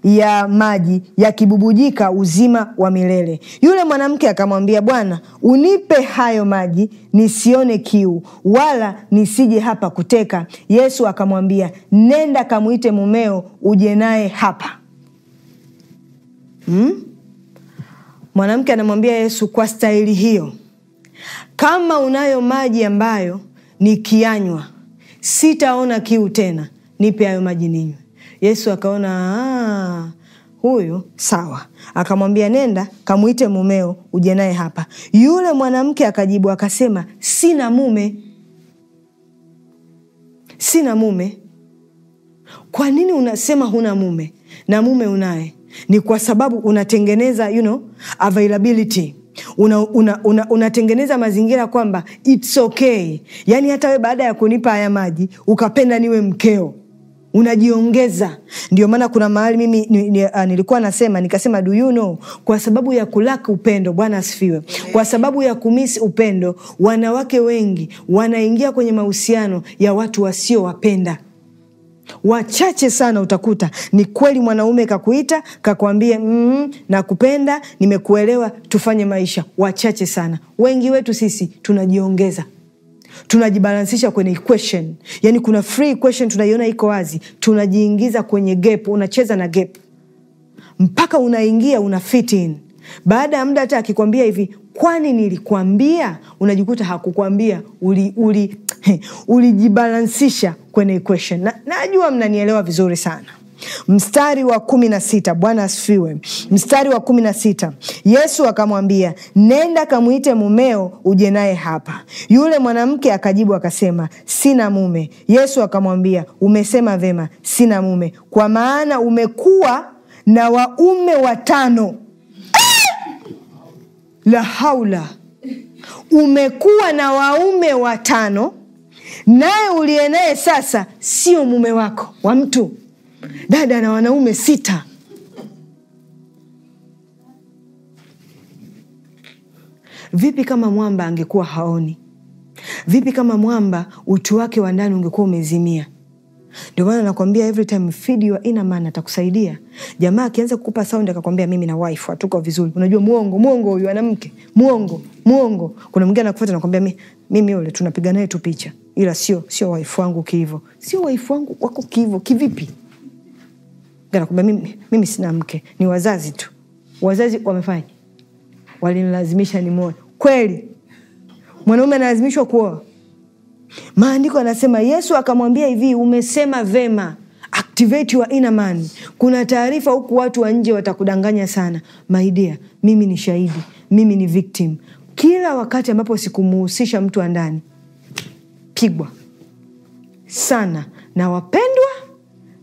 ya maji yakibubujika uzima wa milele. Yule mwanamke akamwambia, Bwana, unipe hayo maji nisione kiu, wala nisije hapa kuteka. Yesu akamwambia, nenda kamwite mumeo uje naye hapa. hmm? Mwanamke anamwambia Yesu, kwa stahili hiyo, kama unayo maji ambayo nikianywa sitaona kiu tena, nipe hayo maji ninywe. Yesu akaona ah, huyu sawa, akamwambia nenda, kamwite mumeo uje naye hapa. Yule mwanamke akajibu akasema, sina mume, sina mume. Kwa nini unasema huna mume na mume unaye? Ni kwa sababu unatengeneza you know, availability unatengeneza una, una, una mazingira kwamba it's okay, yaani hata we baada ya kunipa haya maji ukapenda niwe mkeo unajiongeza. Ndio maana kuna mahali mimi ah, nilikuwa nasema nikasema, do you know, kwa sababu ya kulaka upendo, Bwana asifiwe, kwa sababu ya kumisi upendo, wanawake wengi wanaingia kwenye mahusiano ya watu wasiowapenda wachache sana utakuta ni kweli mwanaume kakuita kakwambia mm, nakupenda, nimekuelewa, tufanye maisha. Wachache sana. Wengi wetu sisi tunajiongeza tunajibalansisha kwenye equation. Yani kuna free equation tunaiona iko wazi, tunajiingiza kwenye gap, unacheza na gap mpaka unaingia una fit in. Baada ya muda hata akikwambia hivi, kwani nilikwambia, unajikuta hakukwambia, ulijibalansisha uli, uli kwenye equation. Na najua mnanielewa vizuri sana mstari wa kumi na sita bwana asifiwe mstari wa kumi na sita yesu akamwambia nenda kamwite mumeo uje naye hapa yule mwanamke akajibu akasema sina mume yesu akamwambia umesema vema sina mume kwa maana umekuwa na waume watano la haula umekuwa na waume watano naye uliye naye sasa sio mume wako wa mtu dada na wanaume sita vipi kama mwamba angekuwa haoni vipi kama mwamba utu wake wa ndani ungekuwa umezimia ndio maana nakwambia every time feed your inner man atakusaidia jamaa akianza kukupa sound akakwambia mimi na wife hatuko vizuri unajua mwongo mwongo huyu anamke mwongo mwongo kuna mwingine anakufuata nakwambia mimi yule tunapiga naye tu picha ila sio sio wife wangu kihivo sio wife wangu wako kihivo kivipi nakwambia mimi, mimi sina mke, ni wazazi tu. Wazazi wamefanya, walinilazimisha nimoe. Kweli mwanaume analazimishwa kuoa? Maandiko anasema, Yesu akamwambia hivi, umesema vema Activate your inner man. Kuna taarifa huku watu wa nje watakudanganya sana. maidia mimi ni shahidi, mimi ni victim. Kila wakati ambapo sikumuhusisha mtu wa ndani, pigwa sana na wapenda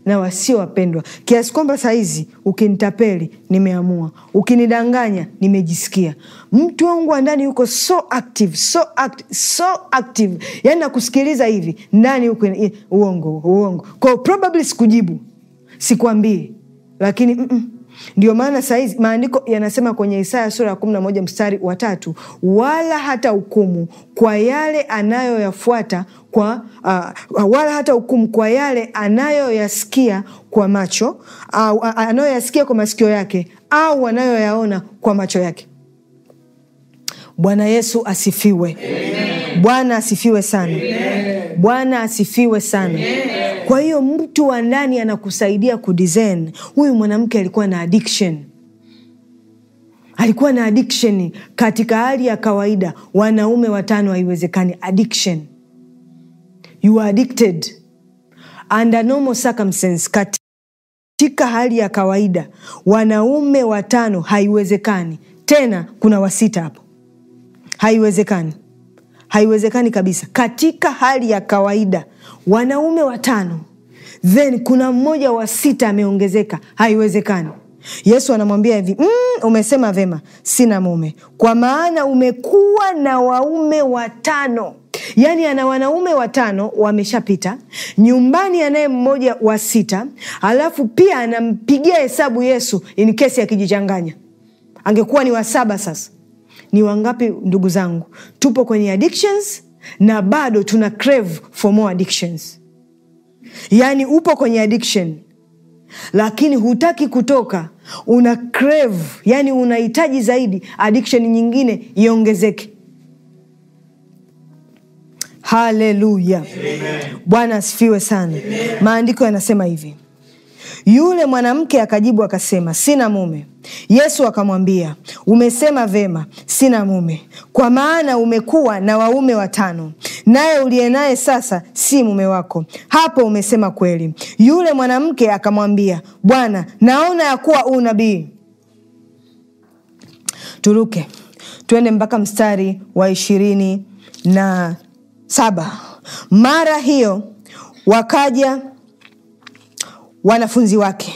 na wasiowapendwa, kiasi kwamba sahizi ukinitapeli nimeamua, ukinidanganya nimejisikia. Mtu wangu wa ndani yuko so active, so act, so active, yani nakusikiliza hivi ndani huko. Uongo, uongo. kwao probably sikujibu, sikuambii, lakini mm -mm. Ndio maana sahizi maandiko yanasema kwenye Isaya sura ya kumi na moja mstari wa tatu wala hata hukumu kwa yale anayoyafuata kwa uh, uh wala hata hukumu kwa yale anayoyasikia kwa macho au uh, anayoyasikia kwa masikio yake au anayoyaona kwa macho yake. Bwana Yesu asifiwe. Amen. Bwana asifiwe sana. Amen. Bwana asifiwe sana. Amen. Kwa hiyo mtu wa ndani anakusaidia kudesign. Huyu mwanamke alikuwa na addiction, alikuwa na addiction. Katika hali ya kawaida wanaume watano haiwezekani. Addiction, you are addicted under normal Katika hali ya kawaida wanaume watano haiwezekani, tena kuna wasita hapo, haiwezekani haiwezekani kabisa. Katika hali ya kawaida wanaume watano, then kuna mmoja wa sita ameongezeka, haiwezekani. Yesu anamwambia hivi, mm, umesema vema, sina mume, kwa maana umekuwa na waume watano. Yaani ana wanaume watano wameshapita nyumbani, anaye mmoja wa sita, alafu pia anampigia hesabu Yesu in kesi akijichanganya, angekuwa ni wasaba sasa ni wangapi ndugu zangu tupo kwenye addictions na bado tuna crave for more addictions? Yaani upo kwenye addiction lakini hutaki kutoka, una crave, yani unahitaji zaidi addiction nyingine iongezeke. Haleluya, Bwana asifiwe sana. Maandiko yanasema hivi yule mwanamke akajibu akasema, sina mume. Yesu akamwambia, umesema vema, sina mume, kwa maana umekuwa na waume watano, naye uliye naye sasa si mume wako. Hapo umesema kweli. Yule mwanamke akamwambia, Bwana, naona ya kuwa u nabii. Turuke tuende mpaka mstari wa ishirini na saba. Mara hiyo wakaja wanafunzi wake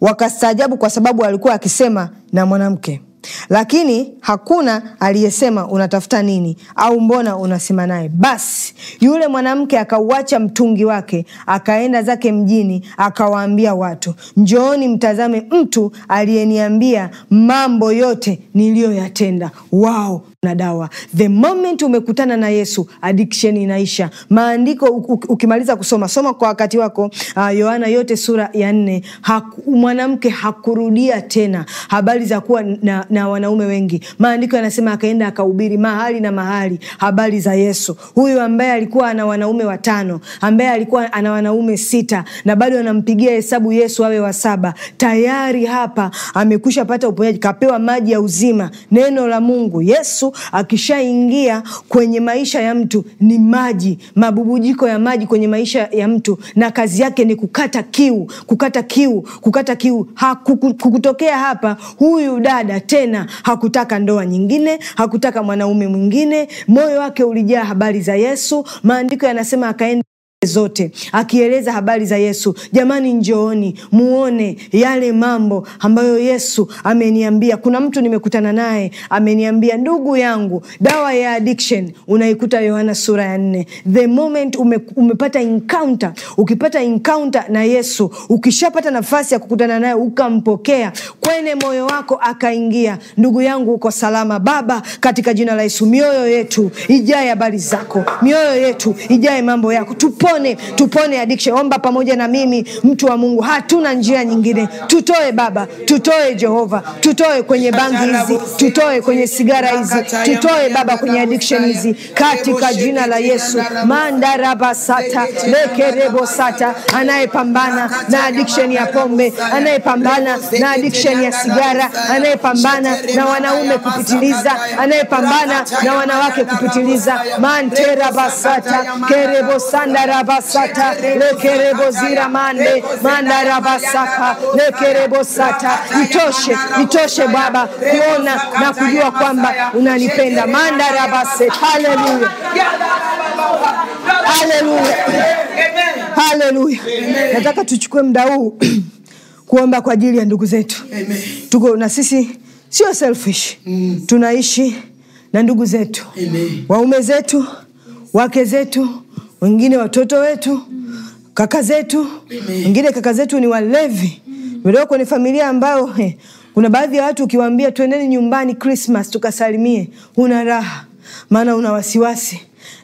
wakastaajabu kwa sababu alikuwa akisema na mwanamke lakini hakuna aliyesema unatafuta nini au mbona unasema naye basi yule mwanamke akauacha mtungi wake akaenda zake mjini akawaambia watu njooni mtazame mtu aliyeniambia mambo yote niliyoyatenda wao na dawa. The moment umekutana na Yesu, addiction inaisha. Maandiko ukimaliza kusoma soma kwa wakati wako uh, Yohana yote sura ya nne. Haku, mwanamke hakurudia tena habari za kuwa na, na wanaume wengi. Maandiko yanasema akaenda akahubiri mahali na mahali habari za Yesu, huyu ambaye alikuwa ana wanaume watano, ambaye alikuwa ana wanaume sita na bado anampigia hesabu Yesu awe wa saba. Tayari hapa amekwisha pata uponyaji, kapewa maji ya uzima, neno la Mungu Yesu Yesu akishaingia kwenye maisha ya mtu ni maji, mabubujiko ya maji kwenye maisha ya mtu, na kazi yake ni kukata kiu, kukata kiu, kukata kiu. Hakukutokea hapa, huyu dada tena hakutaka ndoa nyingine, hakutaka mwanaume mwingine, moyo wake ulijaa habari za Yesu. Maandiko yanasema akaenda zote, akieleza habari za Yesu. Jamani, njooni muone yale mambo ambayo Yesu ameniambia. Kuna mtu nimekutana naye ameniambia, ndugu yangu, dawa ya addiction unaikuta Yohana sura ya nne. The moment ume, umepata encounter, ukipata encounter na Yesu, ukishapata nafasi ya kukutana naye ukampokea kwenye moyo wako akaingia, ndugu yangu, uko salama. Baba, katika jina la Yesu, mioyo yetu ijae habari zako, mioyo yetu ijae mambo yako, tupo tupone tupone addiction. Omba pamoja na mimi, mtu wa Mungu, hatuna njia nyingine. Tutoe Baba, tutoe Jehova, tutoe kwenye bangi hizi, tutoe kwenye sigara hizi, tutoe Baba kwenye addiction hizi, katika jina la Yesu. mandarabasata lekerebosata anayepambana na addiction ya pombe, anayepambana na addiction ya sigara, anayepambana na wanaume kupitiliza, anayepambana na wanawake kupitiliza, manterabasata sandara rabasata lekerebo zira mande manda rabasaka lekerebo sata. Itoshe, itoshe Baba kuona na kujua kwamba unanipenda. manda rabase. Haleluya, haleluya, haleluya. Nataka tuchukue muda huu kuomba kwa ajili ya ndugu zetu. Amen. Tuko na sisi sio selfish. Mm. Tunaishi na ndugu zetu, waume zetu, wake zetu wengine watoto wetu, kaka zetu, wengine kaka zetu ni walevi. Nimetoka kwenye familia ambayo he, kuna baadhi ya watu ukiwaambia twendeni nyumbani Krismas tukasalimie, una raha, maana una wasiwasi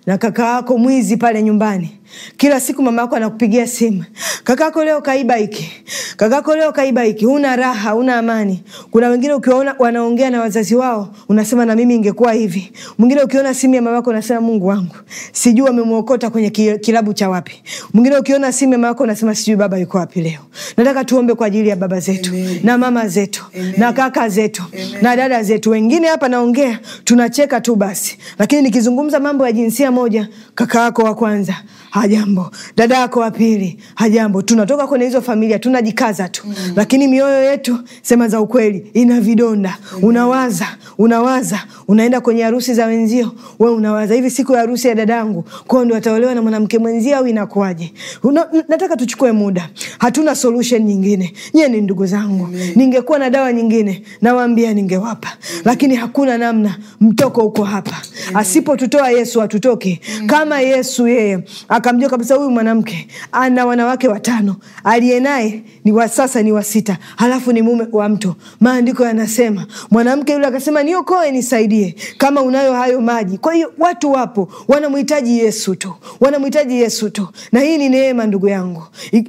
na kaka wako mwizi pale nyumbani kila siku mama yako anakupigia simu, kakako leo kaiba hiki, kakako leo kaiba hiki, huna raha, una amani. Kuna wengine ukiwaona wanaongea na wazazi wao unasema na mimi ingekuwa hivi. Mwingine ukiona simu ya mama yako unasema Mungu wangu, sijui amemwokota kwenye kilabu cha wapi. Mwingine ukiona simu ya mama yako unasema sijui baba yuko wapi leo. Nataka tuombe kwa ajili ya baba zetu Amen. na mama zetu Amen. na kaka zetu Amen. na dada zetu. Wengine hapa naongea tunacheka tu basi, lakini nikizungumza mambo ya jinsia moja, kaka yako wa kwanza hajambo, dada yako wa pili hajambo. Tunatoka kwenye hizo familia, tunajikaza tu mm. lakini mioyo yetu, sema za ukweli, ina vidonda mm. Unawaza, unawaza, unaenda kwenye harusi za wenzio, we unawaza hivi, siku ya harusi ya dadangu kwao ndo ataolewa na mwanamke mwenzie au inakuwaje? Nataka tuchukue muda, hatuna solution nyingine. Nyie ni ndugu zangu mm. ningekuwa na dawa nyingine nawaambia ningewapa mm. lakini hakuna namna, mtoko uko hapa mm. asipotutoa Yesu atutoke mm. kama Yesu yeye akamjua kabisa huyu mwanamke ana wanawake watano, aliye naye ni wa sasa ni wa sita, halafu ni mume wa mtu. Maandiko yanasema mwanamke yule akasema, niokoe, nisaidie kama unayo hayo maji. Kwa hiyo watu wapo wanamhitaji Yesu tu, wanamhitaji Yesu tu, na hii ni neema ndugu yangu.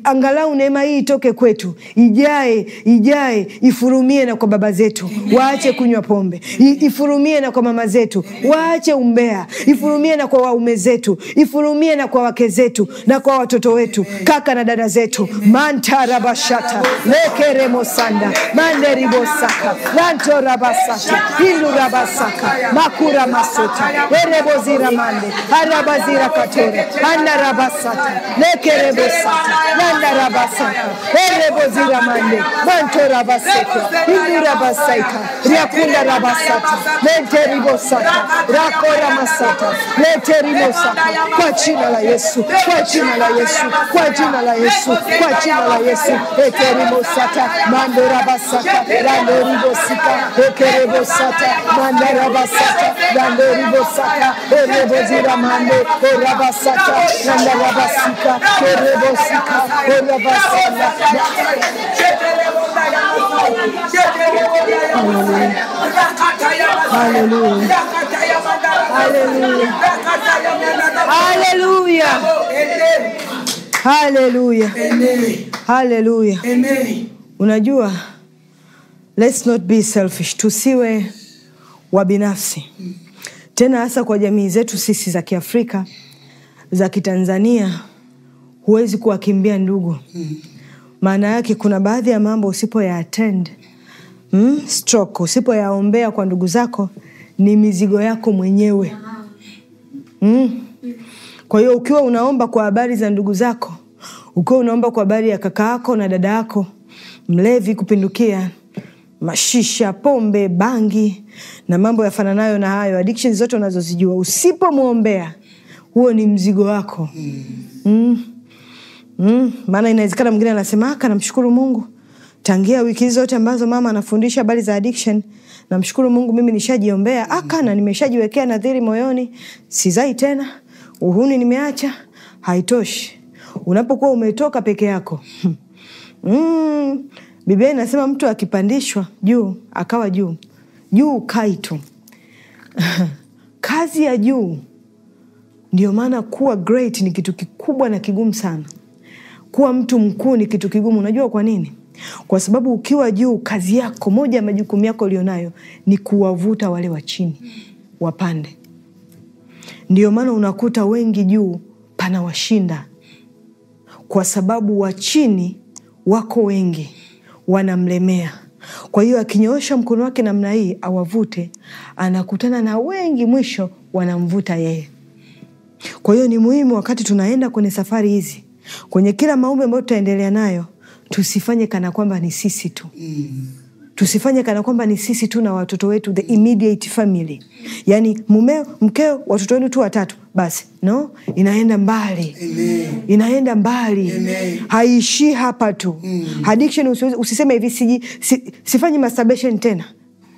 Angalau neema hii itoke kwetu, ijae, ijae, ifurumie na kwa baba zetu waache kunywa pombe, ifurumie na kwa mama zetu waache umbea, ifurumie na kwa waume zetu, ifurumie na kwa wake wake zetu na kwa watoto wetu, kaka na dada zetu. mantarabashata lekeremosanda manderibosaka lantorabasata indurabasaka makura masota erebozira mande arabazira katore anarabasata lekerebosata landarabasaka ereboziramande mantorabaseka riakunda rabasata lenteribosata rakora masata leterimosaka kwa china la Yesu. Yesu, kwa jina la Yesu, kwa jina la Yesu, kwa jina la Yesu. sata mandera basata ekerebo sata mandera basata erebo zira mande basita erebo Hallelujah. Hallelujah. Hallelujah. haleluya haleluya unajua let's not be selfish tusiwe binafsi tena hasa kwa jamii zetu sisi za kiafrika za kitanzania huwezi kuwakimbia ndugu maana yake kuna baadhi ya mambo usipoya mm, stroke usipoyaombea kwa ndugu zako ni mizigo yako mwenyewe mm. Kwa hiyo ukiwa unaomba kwa habari za ndugu zako, ukiwa unaomba kwa habari ya kaka yako na dada yako mlevi kupindukia, mashisha, pombe, bangi na mambo yafananayo na hayo, addiction zote unazozijua, usipomwombea huo ni mzigo wako. mm. Mm. Mm, Maana inawezekana mwingine anasema aka, ah, namshukuru Mungu tangia wiki hizi zote ambazo mama anafundisha habari za addiction, namshukuru Mungu mimi nishajiombea aka ah, na nimeshajiwekea nadhiri moyoni, sizai tena uhuni nimeacha, haitoshi. Unapokuwa umetoka peke yako mm, Biblia inasema mtu akipandishwa juu akawa juu juu, kai tu kazi ya juu. Ndio maana kuwa great ni kitu kikubwa na kigumu sana. Kuwa mtu mkuu ni kitu kigumu. Unajua kwa nini? Kwa sababu ukiwa juu, kazi yako moja ya majukumu yako ulionayo ni kuwavuta wale wa chini wapande. Ndio maana unakuta wengi juu pana washinda kwa sababu wa chini wako wengi, wanamlemea. Kwa hiyo akinyoosha mkono wake namna hii awavute, anakutana na wengi, mwisho wanamvuta yeye. Kwa hiyo ni muhimu wakati tunaenda kwenye safari hizi, kwenye kila maombi ambayo tutaendelea nayo, tusifanye kana kwamba ni sisi tu mm tusifanye kana kwamba ni sisi tu na watoto wetu, the immediate family, yani mumeo, mkeo, watoto wenu tu watatu basi. No, inaenda mbali Amen. Inaenda mbali, haiishii hapa tu mm. Addiction usiseme hivi si, sifanyi masturbation tena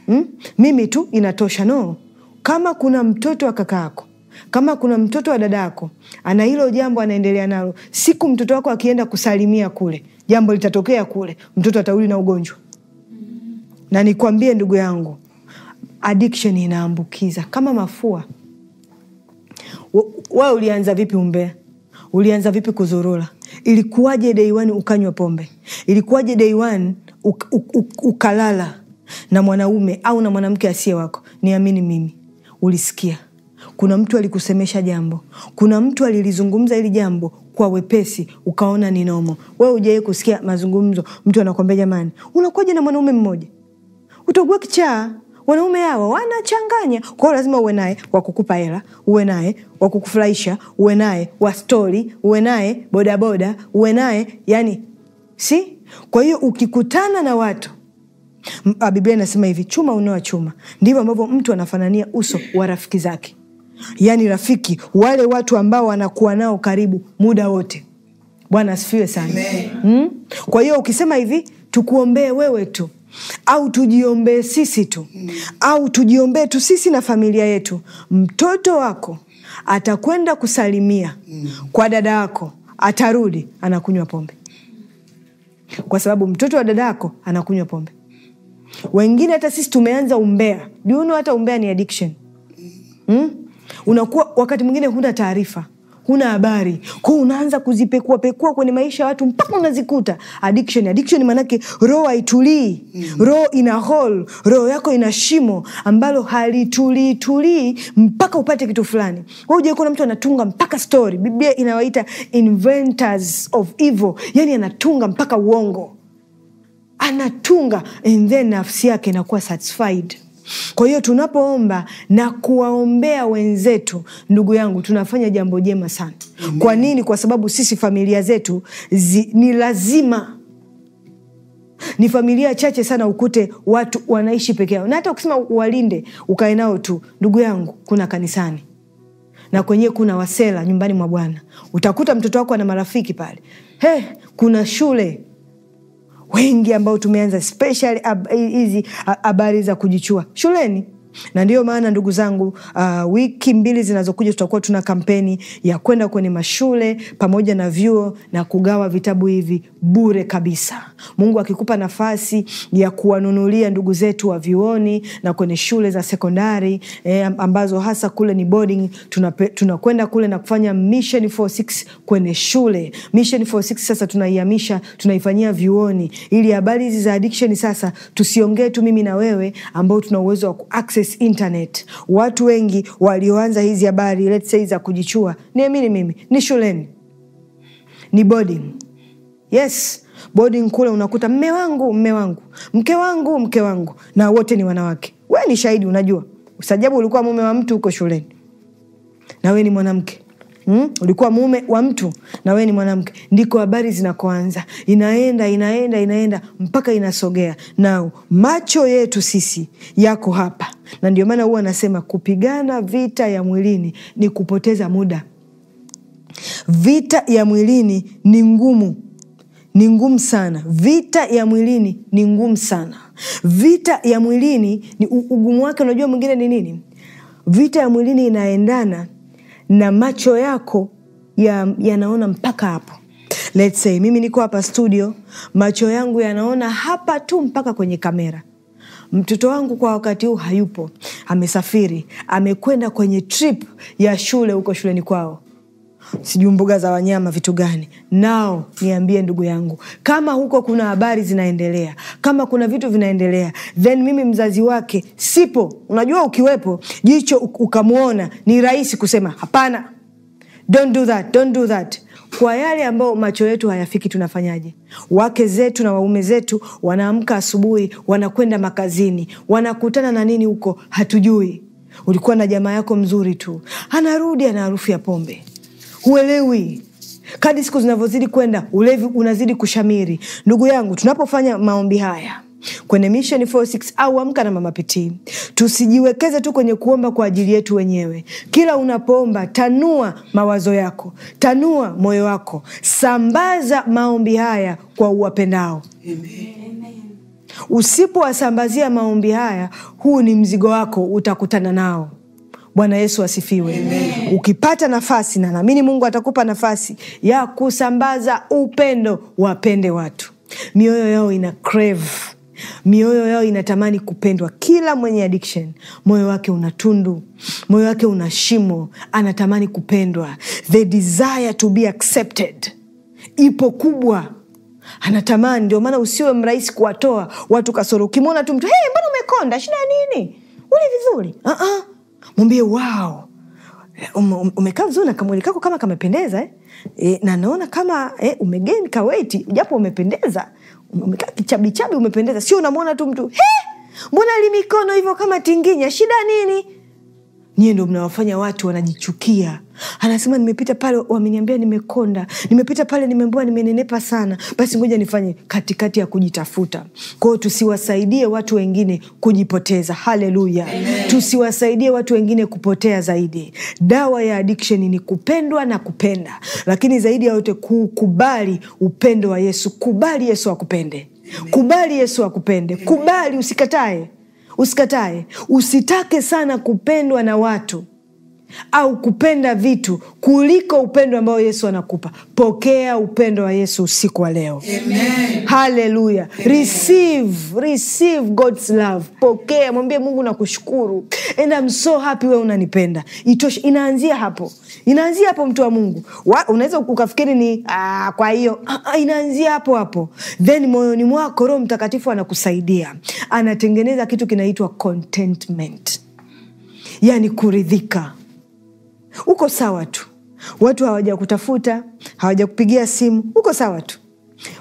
mm? Mimi tu inatosha. No, kama kuna mtoto wa kaka yako kama kuna mtoto wa dada yako ana hilo jambo anaendelea nalo, siku mtoto wako akienda kusalimia kule, jambo litatokea kule, mtoto atauli na ugonjwa na nikwambie ndugu yangu, addiction inaambukiza kama mafua. Wewe ulianza vipi umbea? Ulianza vipi kuzurula Ilikuwaje day one ukanywa pombe? Ilikuwaje day one ukalala na mwanaume au na mwanamke asiye wako? Niamini mimi, ulisikia kuna mtu alikusemesha jambo, kuna mtu alilizungumza hili jambo kwa wepesi, ukaona ni nomo. Wewe ujawai kusikia mazungumzo, mtu anakwambia jamani, unakuwaje na mwanaume mmoja utakuwa kichaa. Wanaume hawa wanachanganya kwao, lazima uwe naye wakukupa hela, uwe naye wakukufurahisha, uwe naye wa stori, uwe naye bodaboda, uwe naye yani, si kwa hiyo ukikutana na watu ah, Biblia inasema hivi, chuma unoa chuma. Ndivyo ambavyo mtu anafanania uso wa rafiki zake, yaani rafiki, wale watu ambao wanakuwa nao karibu muda wote. Bwana asifiwe sana hmm? Kwa hiyo ukisema hivi, tukuombee wewe tu au tujiombee sisi tu mm. au tujiombee tu sisi na familia yetu, mtoto wako atakwenda kusalimia mm. kwa dada yako, atarudi anakunywa pombe, kwa sababu mtoto wa dada yako anakunywa pombe. Wengine hata sisi tumeanza umbea. Do hata umbea ni addiction mm? Hmm? Unakuwa wakati mwingine huna taarifa huna habari ko, unaanza kuzipekuapekua kwenye maisha ya watu mpaka unazikuta addiction. Addiction maanake roho haitulii, mm. roho ina hol, roho yako ina shimo ambalo tulii mpaka upate kitu fulani. Kuna mtu anatunga mpaka stori, Biblia inawaita inventors of evil, yani anatunga mpaka uongo anatunga, and then nafsi yake inakuwa satisfied kwa hiyo tunapoomba na kuwaombea wenzetu, ndugu yangu, tunafanya jambo jema sana. Kwa nini? Kwa sababu sisi familia zetu zi, ni lazima ni familia chache sana ukute watu wanaishi peke yao, na hata ukisema walinde ukae nao tu, ndugu yangu, kuna kanisani na kwenyewe kuna wasela, nyumbani mwa Bwana utakuta mtoto wako ana marafiki pale. He, kuna shule wengi ambao tumeanza especially hizi habari za kujichua shuleni na ndiyo maana ndugu zangu, uh, wiki mbili zinazokuja tutakuwa tuna kampeni ya kwenda kwenye mashule pamoja na vyuo na kugawa vitabu hivi bure kabisa. Mungu akikupa nafasi ya kuwanunulia ndugu zetu wa vyuoni na kwenye shule za sekondari eh, ambazo hasa kule ni boarding, tunakwenda kule na kufanya Mission 46 kwenye shule. Mission 46 sasa tunaihamisha, tunaifanyia vyuoni, ili habari hizi za addiction sasa tusiongee tu mimi na wewe ambao tuna uwezo wa ku this internet. Watu wengi walioanza hizi habari let's say za kujichua, niamini mimi, ni shuleni, ni boarding. Yes, boarding kule unakuta mme wangu, mme wangu, mke wangu, mke wangu, na wote ni wanawake. We ni shahidi, unajua usajabu, ulikuwa mume wa mtu huko shuleni, na we ni mwanamke Hmm? Ulikuwa mume wa mtu na wewe ni mwanamke, ndiko habari zinakoanza. Inaenda inaenda inaenda mpaka inasogea, na macho yetu sisi yako hapa, na ndio maana huwa anasema kupigana vita ya mwilini ni kupoteza muda. Vita ya mwilini ni ngumu, ni ngumu sana. Vita ya mwilini ni ngumu sana. Vita ya mwilini ni ugumu wake, unajua mwingine ni nini? Vita ya mwilini inaendana na macho yako yanaona ya mpaka hapo. Let's say mimi niko hapa studio, macho yangu yanaona hapa tu mpaka kwenye kamera. Mtoto wangu kwa wakati huu hayupo, amesafiri, amekwenda kwenye trip ya shule huko shuleni kwao sijui mbuga za wanyama vitu gani nao niambie ndugu yangu kama huko kuna habari zinaendelea kama kuna vitu vinaendelea then mimi mzazi wake sipo unajua ukiwepo jicho ukamwona ni rahisi kusema hapana don't do that, don't do that kwa yale ambayo macho yetu hayafiki tunafanyaje? Wake zetu na waume zetu wanaamka asubuhi, wanakwenda makazini, wanakutana na nini huko hatujui. Ulikuwa na jamaa yako mzuri tu, anarudi ana harufu ya pombe huelewi kadi siku zinavyozidi kwenda ulevi unazidi kushamiri ndugu yangu tunapofanya maombi haya kwenye Mission 46 au Amka na Mama tusijiwekeze tu kwenye kuomba kwa ajili yetu wenyewe. Kila unapoomba, tanua mawazo yako, tanua moyo wako, sambaza maombi haya kwa uwapendao. Usipowasambazia maombi haya, huu ni mzigo wako utakutana nao. Bwana Yesu asifiwe. Ukipata nafasi na naamini Mungu atakupa nafasi ya kusambaza upendo, wapende watu, mioyo yao ina crave mioyo yao inatamani kupendwa. Kila mwenye addiction moyo wake una tundu, moyo wake una shimo, anatamani kupendwa. The desire to be accepted ipo kubwa, anatamani. Ndio maana usiwe mrahisi kuwatoa watu kasoro. Ukimwona tu mtu hey, mbona umekonda, shida ya nini? Uli vizuri uh -uh mwambie wow um, um, umekaa vizuri na kamwili kako kama kamependeza eh? E, na naona kama eh, umegeni kaweti japo umependeza um, umekaa kichabichabi umependeza sio unamwona tu mtu mbona li mikono hivyo kama tinginya shida nini nyie ndo mnawafanya watu wanajichukia. Anasema nimepita pale wameniambia nimekonda, nimepita pale nimeambiwa nimenenepa sana, basi ngoja nifanye katikati ya kujitafuta. Kwa tusiwasaidie watu wengine kujipoteza. Haleluya, tusiwasaidie watu wengine kupotea zaidi. Dawa ya addiction ni kupendwa na kupenda, lakini zaidi ya yote kukubali upendo wa Yesu. Kubali Yesu akupende, kubali Yesu akupende, kubali, usikatae usikatae usitake sana kupendwa na watu au kupenda vitu kuliko upendo ambao Yesu anakupa. Pokea upendo wa Yesu usiku wa leo. Haleluya, Pokea, mwambie Mungu nakushukuru, and so happy we unanipenda. itosh inaanzia hapo, inaanzia hapo, mtu wa Mungu. Unaweza ukafikiri ni aa, ah, kwa hiyo ah, ah, inaanzia hapo hapo, then moyoni mwako Roho Mtakatifu anakusaidia, anatengeneza kitu kinaitwa contentment, yani kuridhika uko sawa tu, watu hawajakutafuta, hawajakupigia simu, uko sawa tu,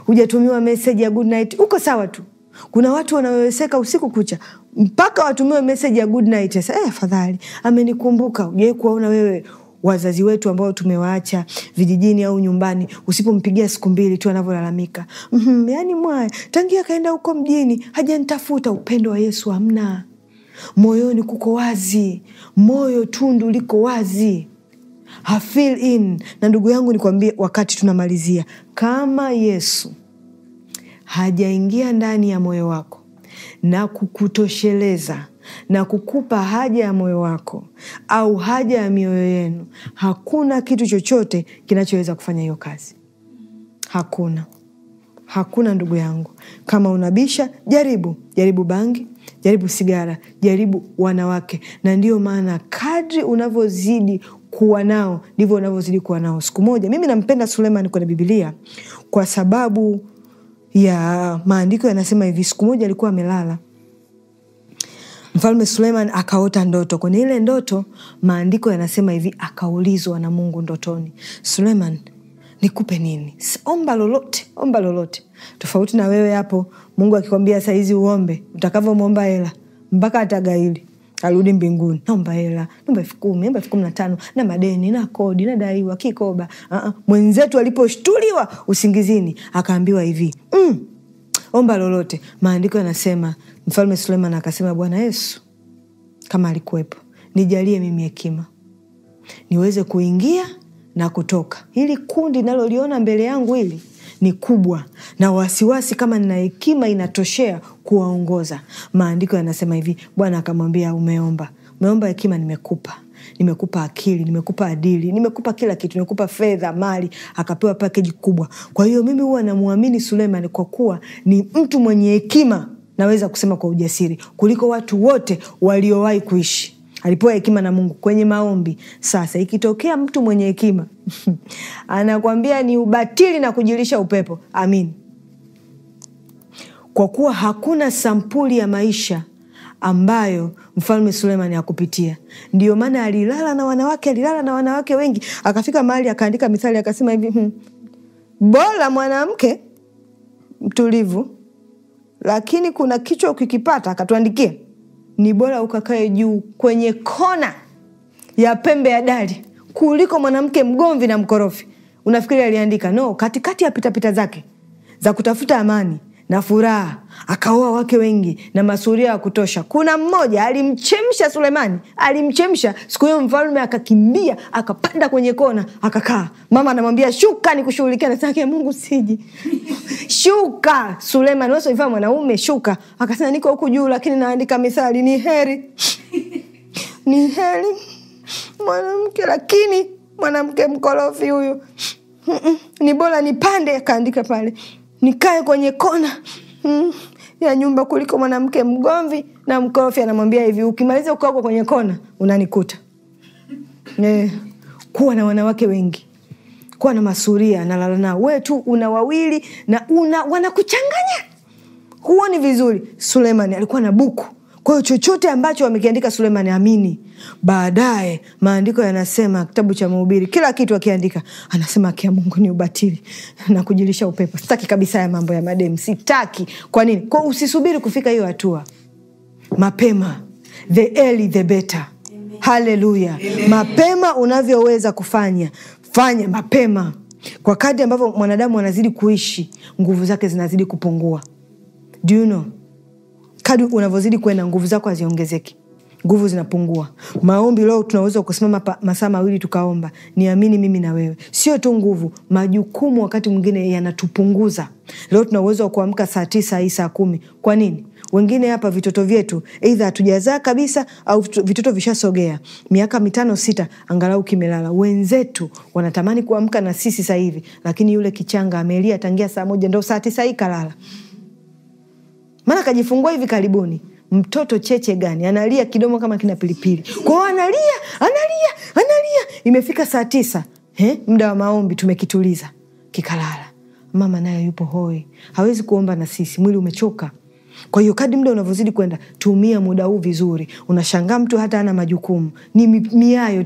hujatumiwa meseji ya good night, uko sawa tu. Kuna watu wanaoweseka usiku kucha mpaka watumiwe meseji ya good night. Sasa eh, afadhali amenikumbuka. Ujawai kuwaona wewe wazazi wetu ambao tumewaacha vijijini au nyumbani, usipompigia siku mbili tu anavyolalamika, mm -hmm, yani mwaya tangia akaenda huko mjini hajanitafuta. Upendo wa Yesu hamna moyoni kuko wazi, moyo tundu liko wazi hafil in. Na ndugu yangu kuambia wakati tunamalizia, kama Yesu hajaingia ndani ya moyo wako na kukutosheleza na kukupa haja ya moyo wako au haja ya mioyo yenu, hakuna kitu chochote kinachoweza kufanya hiyo kazi. Hakuna, hakuna ndugu yangu. Kama unabisha, jaribu jaribu bangi jaribu sigara, jaribu wanawake. Na ndiyo maana kadri unavyozidi kuwa nao ndivyo unavyozidi kuwa nao. Siku moja, mimi nampenda Suleiman kwenye Bibilia kwa sababu ya maandiko yanasema hivi: siku moja alikuwa amelala Mfalme Suleiman akaota ndoto. Kwenye ile ndoto, maandiko yanasema hivi, akaulizwa na Mungu ndotoni, Suleiman, nikupe nini? Omba lolote, omba lolote. Tofauti na wewe hapo Mungu akikwambia saizi uombe, utakavyomwomba hela mpaka atagaili arudi mbinguni, naomba hela, naomba elfu kumi, naomba elfu kumi na tano, na madeni na kodi daiwa kikoba. Uh-uh. Mwenzetu aliposhtuliwa usingizini akaambiwa hivi mm, omba lolote. Maandiko yanasema Mfalme Suleiman akasema, Bwana Yesu kama alikuwepo, nijalie mimi hekima niweze kuingia na kutoka hili kundi naloliona mbele yangu hili ni kubwa na wasiwasi kama nina hekima inatoshea kuwaongoza. Maandiko yanasema hivi, Bwana akamwambia, umeomba umeomba hekima, nimekupa nimekupa akili, nimekupa adili, nimekupa kila kitu, nimekupa fedha, mali, akapewa pakeji kubwa. Kwa hiyo mimi huwa namwamini Suleiman kwa kuwa ni mtu mwenye hekima, naweza kusema kwa ujasiri kuliko watu wote waliowahi kuishi alipewa hekima na Mungu kwenye maombi. Sasa ikitokea mtu mwenye hekima anakwambia ni ubatili na kujilisha upepo, amini, kwa kuwa hakuna sampuli ya maisha ambayo mfalme Sulemani hakupitia. Ndio maana alilala na wanawake, alilala na wanawake wengi, akafika mahali akaandika mithali akasema hivi hmm, bora mwanamke mtulivu, lakini kuna kichwa ukikipata, akatuandikia ni bora ukakae juu kwenye kona ya pembe ya dari kuliko mwanamke mgomvi na mkorofi. Unafikiri aliandika? No, katikati ya pitapita pita zake za kutafuta amani na furaha akaoa wake wengi na masuria ya kutosha. Kuna mmoja alimchemsha Sulemani, alimchemsha siku hiyo. Mfalme akakimbia akapanda kwenye kona akakaa. Mama anamwambia shuka, ni kushughulikia nataka Mungu siji shuka. Sulemani wasoifaa mwanaume shuka, akasema niko huku juu, lakini naandika mithali, ni heri ni heri mwanamke, lakini mwanamke mkorofi huyu ni bora nipande, akaandika pale nikae kwenye kona hmm, ya nyumba kuliko mwanamke mgomvi na mkorofi. Anamwambia hivi, ukimaliza ukaoko kwenye kona unanikuta. Eh, kuwa na wanawake wengi, kuwa na masuria nalala nao, wewe tu una wawili na una wanakuchanganya, huoni vizuri. Suleimani alikuwa na buku kwa hiyo chochote ambacho wamekiandika Suleimani, amini, baadaye maandiko yanasema, kitabu cha Mhubiri, kila kitu akiandika anasema akia Mungu ni ubatili na kujilisha upepo. Sitaki kabisa ya mambo ya mademu, sitaki. Kwa nini? Kwa usisubiri kufika hiyo hatua, mapema, the early the better. Haleluya! Mapema unavyoweza kufanya, fanya mapema. Kwa kadri ambavyo mwanadamu anazidi kuishi, nguvu zake zinazidi kupungua. Do you know? kadri unavyozidi kwenda nguvu zako haziongezeki nguvu zinapungua. Maombi leo tunaweza kusimama masaa mawili tukaomba, niamini mimi na wewe. Sio tu nguvu, majukumu wakati mwingine yanatupunguza. Leo tuna uwezo wa kuamka saa tisa hii saa kumi. Kwa nini? Wengine hapa vitoto vyetu eidha hatujazaa kabisa au vitoto vishasogea miaka mitano sita, angalau kimelala. Wenzetu wanatamani kuamka na sisi sahivi, lakini yule kichanga amelia tangia saa moja ndo saa tisa hii kalala maana kajifungua hivi karibuni mtoto cheche gani analia kidomo kama kina pilipili kwao analia analia analia imefika saa tisa eh, mda wa maombi tumekituliza kikalala mama naye yupo hoi hawezi kuomba na sisi mwili umechoka kwa hiyo kadi mda unavyozidi kwenda tumia muda huu vizuri unashangaa mtu hata ana majukumu ni miayo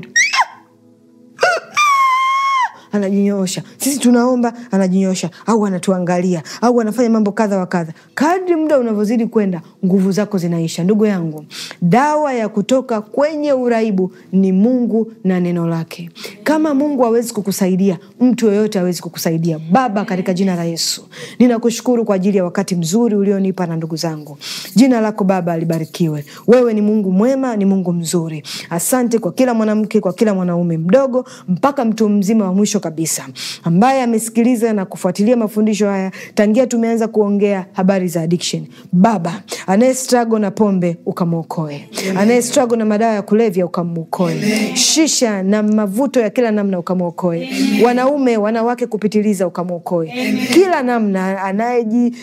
anajinyosha, sisi tunaomba anajinyosha, au anatuangalia au anafanya mambo kadha wa kadha. Kadri muda unavyozidi kwenda, nguvu zako zinaisha. Ndugu yangu, dawa ya kutoka kwenye uraibu ni Mungu na neno lake. Kama Mungu hawezi kukusaidia, mtu yoyote hawezi kukusaidia. Baba, katika jina la Yesu ninakushukuru kwa ajili ya wakati mzuri ulionipa na ndugu zangu. Jina lako Baba alibarikiwe. Wewe ni Mungu mwema, ni Mungu mzuri. Asante kwa kila mwanamke, kwa kila mwanaume, mdogo mpaka mtu mzima wa mwisho mwisho kabisa ambaye amesikiliza na kufuatilia mafundisho haya tangia tumeanza kuongea habari za addiction. Baba anaye strago na pombe ukamwokoe, anaye strago na madawa ya kulevya ukamwokoe, shisha na mavuto ya kila namna ukamwokoe, wanaume wanawake kupitiliza ukamwokoe, kila namna anayeji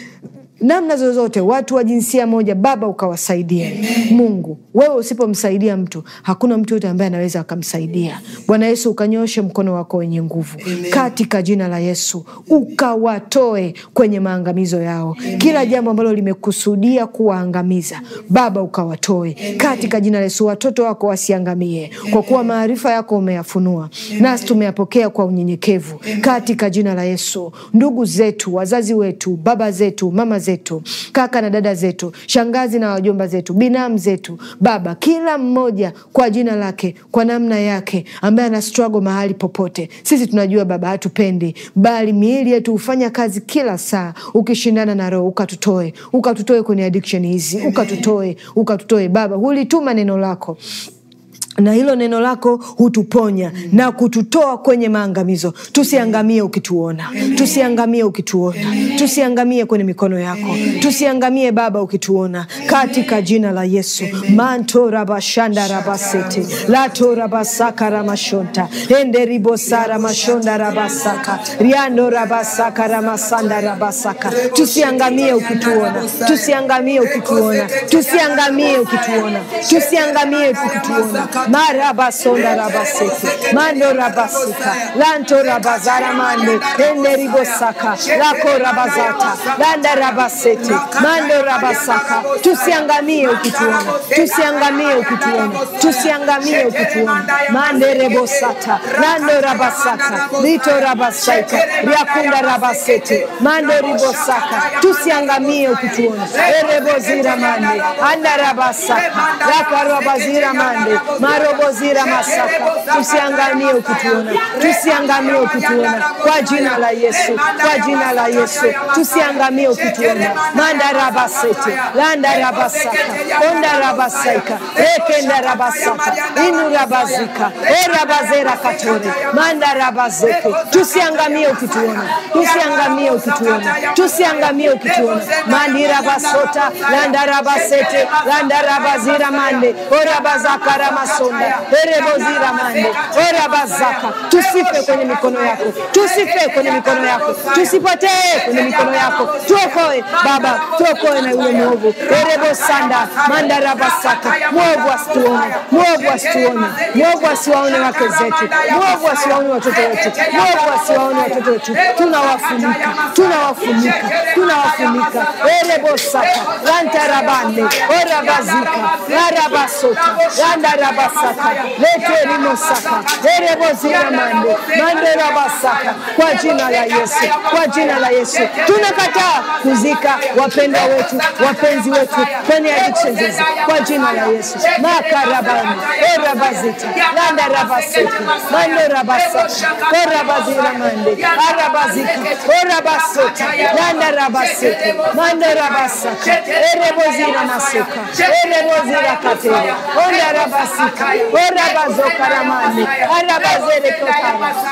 namna zozote watu wa jinsia moja, Baba ukawasaidie. Mungu wewe usipomsaidia mtu, hakuna mtu yote ambaye anaweza akamsaidia. Bwana Yesu, ukanyoshe mkono wako wenye nguvu katika jina la Yesu, ukawatoe kwenye maangamizo yao. Kila jambo ambalo limekusudia kuwaangamiza, Baba ukawatoe katika jina la Yesu. Watoto wako wasiangamie, kwa kuwa maarifa yako umeyafunua, nasi tumeyapokea kwa unyenyekevu katika jina la Yesu. Ndugu zetu, wazazi wetu, baba zetu, mama zetu, zetu, kaka na dada zetu, shangazi na wajomba zetu, binamu zetu, baba, kila mmoja kwa jina lake, kwa namna yake, ambaye ana struggle mahali popote. Sisi tunajua Baba hatupendi, bali miili yetu hufanya kazi kila saa, ukishindana na Roho ukatutoe, ukatutoe kwenye addiction hizi, ukatutoe, ukatutoe Baba, hulituma neno lako na hilo neno lako hutuponya mm. na kututoa kwenye maangamizo. Tusiangamie ukituona, tusiangamie ukituona, tusiangamie kwenye mikono yako, tusiangamie Baba ukituona, katika jina la Yesu. manto rabashanda rabasete lato rabasaka ramashonta ende ramashonda rabasaka riando rabasaka ramasanda rabasaka. Tusiangamie ukituona, tusiangamie ukituona, tusiangamie ukituona, tusiangamie ukituona marabasonda rabaseke mando rabasuka lanto rabazara mando enderibosaka lako rabazata landa rabasete mando rabasaka tusiangamie ukituona tusiangamie ukituona tusiangamie ukituona manderebosata lando rabasaka lito rabasaika riakunda rabasete mando ribosaka tusiangamie ukituona erebozira mande andarabasaka lakarabazira mande marobozira masaka, tusiangamie ukituona, tusiangamie ukituona kwa jina la Yesu, kwa jina la Yesu, tusiangamie ukituona. mandarabasete landarabasaka ondarabasaika ekendarabasaka inurabazika erabazera katore mandarabazeke, tusiangamie ukituona, tusiangamie ukituona, tusiangamie ukituona. mandirabasota landarabasete landarabazira mande orabazakara maso basunda erebozira mande erabazaka tusife kwenye mikono yako tusife kwenye mikono yako tusipotee kwenye mikono yako tuokoe baba tuokoe na yule mwovu erebosanda mandarabasaka mwovu asituone mwovu asituone mwovu asiwaone wake zetu mwovu asiwaone watoto wetu mwovu asiwaone watoto wetu tunawafunika tunawafunika tunawafunika erebosaka rantarabane orabazika arabasota randaraba rabasaka leteni musaka erebozira mande mande rabasaka kwa jina la Yesu, kwa jina la Yesu tunakataa kuzika wapenda wetu wapenzi wetu kwenye addictions hizi kwa jina la Yesu makarabani erabazita e e landa rabaseki mande rabasaka korabazira mande arabazika korabasota landa rabaseki mande rabasaka erebozira masuka erebozira katera onda rabasika Orabazokaramani, Arabazelekota,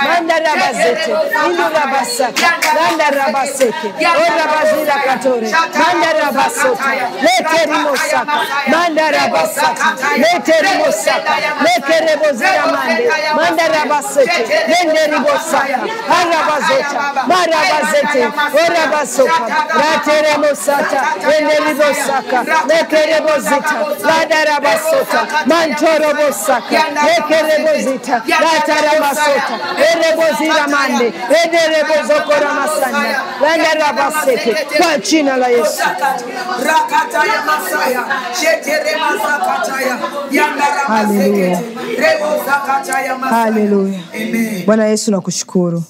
Mandarabazete, Indurabasaka, Randarabaseke, Orabazila Katore, Mandarabasota, Lekerimosaka, Mandarabasaka, Lekerimosaka, Lekereboziramande, Mandarabaseke, Lenderibosaka, Arabazeta, Marabazete, Orabasoka, Rateremosata, Lenderibosaka, Lekerebozita, Ladarabasota, Mantoro erebosaka ekerebozita gataramasota ereboziramande e ederebozokoramasanda landarabaseke kwa jina la yesu haleluya bwana yesu nakushukuru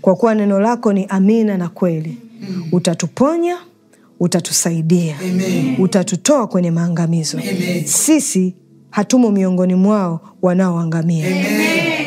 kwa kuwa neno lako ni amina na kweli mm. utatuponya utatusaidia Amen. utatutoa kwenye maangamizo Amen. sisi hatumo miongoni mwao wanaoangamia.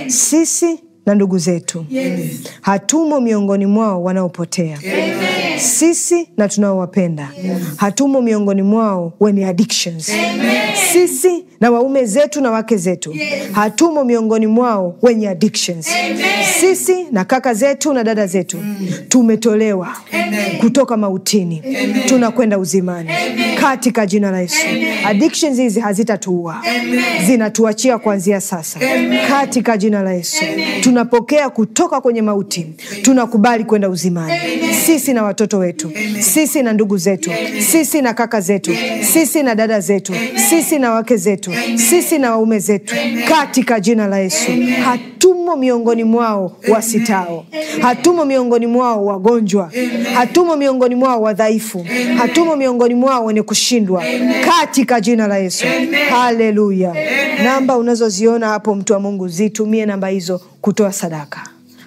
Sisi na ndugu zetu yes. Hatumo miongoni mwao wanaopotea Amen. Sisi na tunaowapenda yes. Hatumo miongoni mwao wenye addictions Amen. Sisi na waume zetu na wake zetu yes. Hatumo miongoni mwao wenye addictions Amen. Sisi na kaka zetu na dada zetu mm. Tumetolewa Amen. Kutoka mautini tunakwenda uzimani Amen. Katika jina la Yesu, addictions hizi hazitatuua, zinatuachia kuanzia sasa Amen. Katika jina la Yesu tuna tunapokea kutoka kwenye mauti, tunakubali kwenda uzimani, sisi na watoto wetu, sisi na ndugu zetu, sisi na kaka zetu, sisi na dada zetu, sisi na wake zetu, sisi na waume zetu, katika jina la Yesu. Hatumo miongoni mwao wasitao, hatumo miongoni mwao wagonjwa, hatumo miongoni mwao wadhaifu, hatumo miongoni mwao wenye kushindwa, katika jina la Yesu. Haleluya! Namba unazoziona hapo, mtu wa Mungu, zitumie namba hizo kuto kutoa sadaka.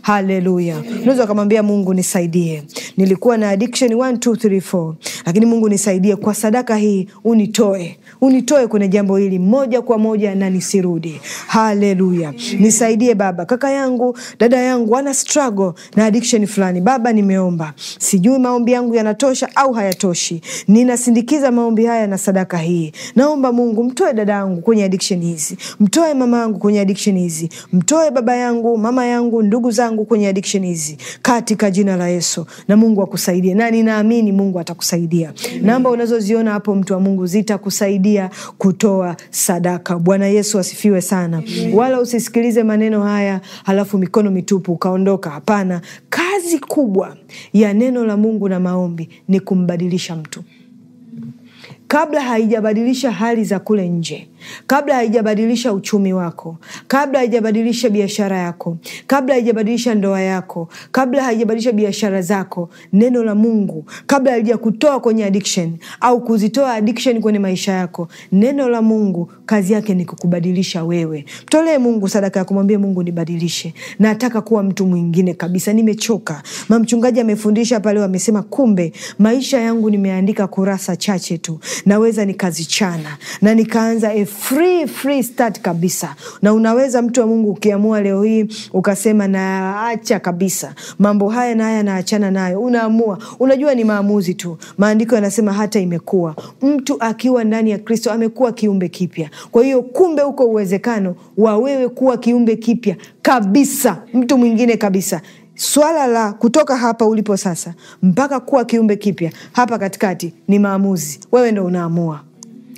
Haleluya! Unaweza ukamwambia Mungu nisaidie, nilikuwa na addiction 1 2 3 4 lakini Mungu nisaidie kwa sadaka hii, unitoe unitoe kwenye jambo hili moja kwa moja na nisirudi. Haleluya! Nisaidie Baba, kaka yangu dada yangu ana struggle na addiction fulani. Baba, nimeomba sijui maombi yangu yanatosha au hayatoshi, ninasindikiza maombi haya na sadaka hii. Naomba Mungu mtoe dada yangu kwenye addiction hizi, mtoe mama yangu kwenye addiction hizi, mtoe baba yangu mama yangu ndugu zangu yangu kwenye adikshen hizi katika jina la Yesu, na Mungu akusaidie, na ninaamini Mungu atakusaidia. Namba unazoziona hapo, mtu wa Mungu, zitakusaidia kutoa sadaka. Bwana Yesu asifiwe sana. Wala usisikilize maneno haya halafu mikono mitupu ukaondoka. Hapana, kazi kubwa ya neno la Mungu na maombi ni kumbadilisha mtu kabla haijabadilisha hali za kule nje kabla haijabadilisha uchumi wako, kabla haijabadilisha biashara yako, kabla haijabadilisha ndoa yako, kabla haijabadilisha biashara zako, neno la Mungu, kabla kutoa kwenye addiction au kuzitoa addiction kwenye maisha yako, neno la Mungu kazi yake ni kukubadilisha wewe. Mtolee Mungu sadaka ya kumwambia Mungu, nibadilishe, nataka kuwa mtu mwingine kabisa, nimechoka. Mamchungaji amefundisha pale, wamesema kumbe maisha yangu nimeandika kurasa chache tu, naweza nikazichana na nikaanza F free free start kabisa, na unaweza mtu wa Mungu ukiamua leo hii ukasema naacha kabisa mambo haya na haya naachana nayo, unaamua. Unajua ni maamuzi tu. Maandiko yanasema hata imekuwa mtu akiwa ndani ya Kristo amekuwa kiumbe kipya. Kwa hiyo kumbe huko uwezekano wa wewe kuwa kiumbe kipya kabisa, mtu mwingine kabisa Swala la kutoka hapa ulipo sasa mpaka kuwa kiumbe kipya hapa katikati ni maamuzi. Wewe ndo unaamua,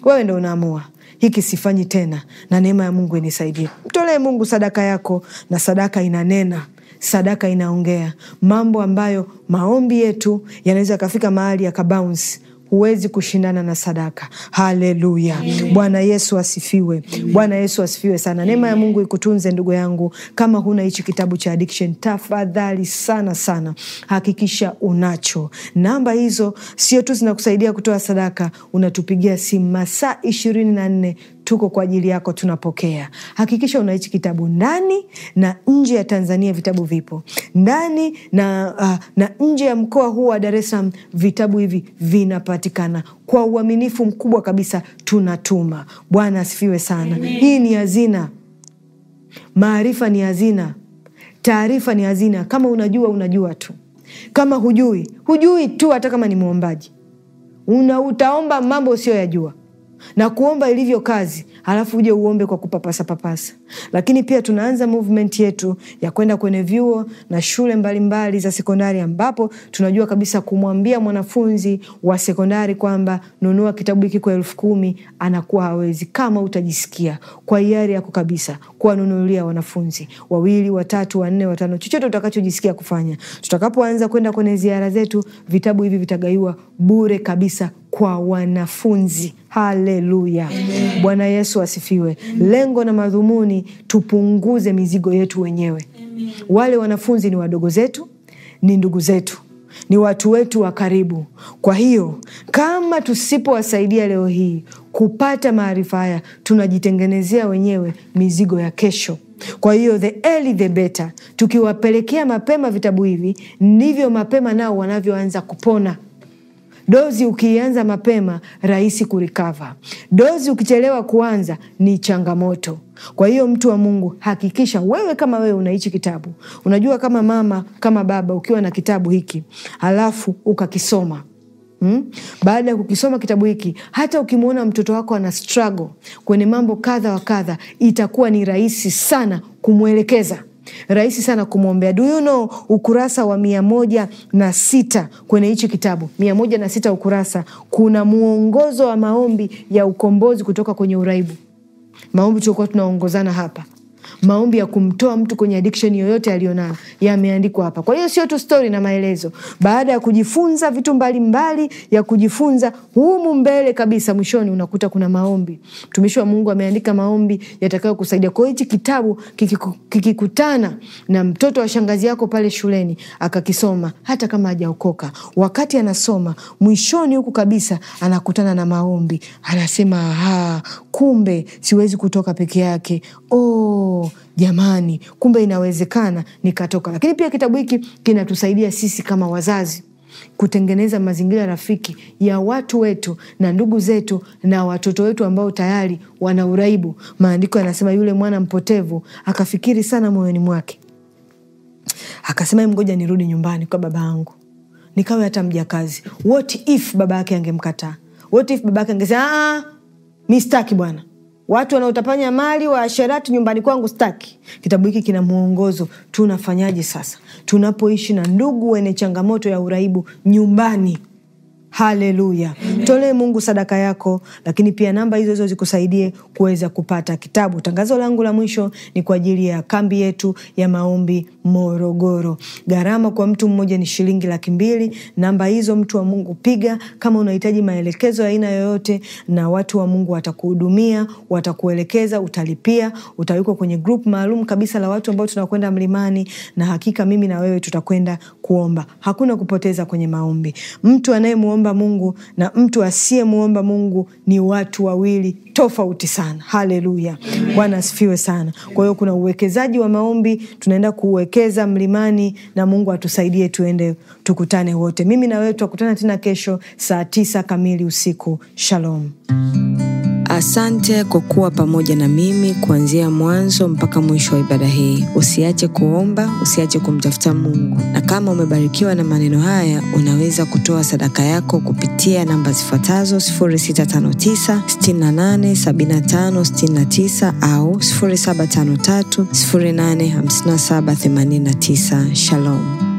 wewe ndo unaamua hiki sifanyi tena, na neema ya Mungu inisaidie. Mtolee Mungu sadaka yako, na sadaka inanena sadaka inaongea mambo ambayo maombi yetu yanaweza yakafika mahali yakabounce huwezi kushindana na sadaka. Haleluya! Bwana Yesu asifiwe. Bwana Yesu asifiwe sana. Neema ya Mungu ikutunze ndugu yangu. Kama huna hichi kitabu cha addiction, tafadhali sana sana hakikisha unacho. Namba hizo sio tu zinakusaidia kutoa sadaka, unatupigia simu masaa ishirini na nne tuko kwa ajili yako, tunapokea. Hakikisha una hichi kitabu ndani na nje ya Tanzania, vitabu vipo ndani na, uh, na nje ya mkoa huu wa Dar es Salaam, vitabu hivi vinapatikana kwa uaminifu mkubwa kabisa, tunatuma. Bwana asifiwe sana. Amen. Hii ni hazina, maarifa ni hazina, taarifa ni hazina. Kama unajua unajua tu, kama hujui hujui tu. Hata kama ni mwombaji una utaomba mambo usiyoyajua na kuomba ilivyo kazi, halafu uje uombe kwa kupapasa papasa. Lakini pia tunaanza movement yetu ya kwenda kwenye vyuo na shule mbalimbali za sekondari, ambapo tunajua kabisa kumwambia mwanafunzi wa sekondari kwamba nunua kitabu hiki kwa elfu kumi anakuwa hawezi, kama utajisikia kwa hiari yako kabisa kuwanunulia wanafunzi wawili, watatu, wanne, watano, chochote utakachojisikia kufanya. Tutakapoanza kwenda kwenye ziara zetu, vitabu hivi vitagaiwa bure kabisa kwa wanafunzi. Haleluya! Bwana Yesu asifiwe. Lengo na madhumuni lakini tupunguze mizigo yetu wenyewe. Amen. Wale wanafunzi ni wadogo zetu, ni ndugu zetu, ni watu wetu wa karibu. Kwa hiyo kama tusipowasaidia leo hii kupata maarifa haya, tunajitengenezea wenyewe mizigo ya kesho. Kwa hiyo the early the better, tukiwapelekea mapema vitabu hivi, ndivyo mapema nao wanavyoanza kupona. Dozi ukianza mapema, rahisi kurikava. Dozi ukichelewa kuanza ni changamoto. Kwa hiyo mtu wa Mungu, hakikisha wewe kama wewe unaichi kitabu. Unajua, kama mama, kama baba, ukiwa na kitabu hiki halafu ukakisoma Hmm? Baada ya kukisoma kitabu hiki, hata ukimwona mtoto wako ana struggle kwenye mambo kadha wa kadha, itakuwa ni rahisi sana kumwelekeza Rahisi sana kumwombea. Do you know ukurasa wa mia moja na sita kwenye hichi kitabu, mia moja na sita ukurasa, kuna mwongozo wa maombi ya ukombozi kutoka kwenye uraibu, maombi tuliokuwa tunaongozana hapa maombi ya kumtoa mtu kwenye addiction yoyote aliyonayo yameandikwa hapa. Kwa hiyo sio tu stori na maelezo. Baada ya kujifunza vitu mbalimbali mbali, ya kujifunza humu mbele kabisa, mwishoni unakuta kuna maombi. Mtumishi wa Mungu ameandika maombi yatakayokusaidia. Kwa hiyo hichi kitabu kikikutana kiki na mtoto wa shangazi yako pale shuleni akakisoma, hata kama hajaokoka, wakati anasoma mwishoni huku kabisa anakutana na maombi, anasema aha, kumbe siwezi kutoka peke yake oh, Oh, jamani, kumbe inawezekana nikatoka. Lakini pia kitabu hiki kinatusaidia sisi kama wazazi kutengeneza mazingira rafiki ya watu wetu na ndugu zetu na watoto wetu ambao tayari wana uraibu. Maandiko yanasema yule mwana mpotevu akafikiri sana moyoni mwake, akasema ngoja nirudi nyumbani kwa baba yangu nikawe hata mjakazi. What if baba yake angemkataa? What if baba yake angesema ah, ah, ah, mi staki bwana watu wanaotapanya mali wa sherati nyumbani kwangu staki. Kitabu hiki kina mwongozo, tunafanyaje sasa tunapoishi na ndugu wenye changamoto ya uraibu nyumbani. Haleluya, tolee Mungu sadaka yako, lakini pia namba hizo hizo zikusaidie kuweza kupata kitabu. Tangazo langu la mwisho ni kwa ajili ya kambi yetu ya maombi Morogoro. Gharama kwa mtu mmoja ni shilingi laki mbili. Namba hizo mtu wa Mungu piga kama unahitaji maelekezo ya aina yoyote, na watu wa Mungu watakuhudumia, watakuelekeza, utalipia, utawekwa kwenye grup maalum kabisa la watu ambao tunakwenda mlimani, na hakika mimi na wewe tutakwenda kuomba. Hakuna kupoteza kwenye maombi. Mtu anayemuomba Mungu na mtu asiyemuomba Mungu ni watu wawili tofauti sana. Haleluya, Bwana asifiwe sana. Kwa hiyo kuna uwekezaji wa maombi tunaenda kuwekeza kuelekeza mlimani, na Mungu atusaidie tuende tukutane wote, mimi na wewe tutakutana tena kesho saa tisa kamili usiku. Shalom. Asante kwa kuwa pamoja na mimi kuanzia mwanzo mpaka mwisho wa ibada hii. Usiache kuomba, usiache kumtafuta Mungu, na kama umebarikiwa na maneno haya, unaweza kutoa sadaka yako kupitia namba zifuatazo: 0659687569 au 7 5 8 0753085789. Shalom.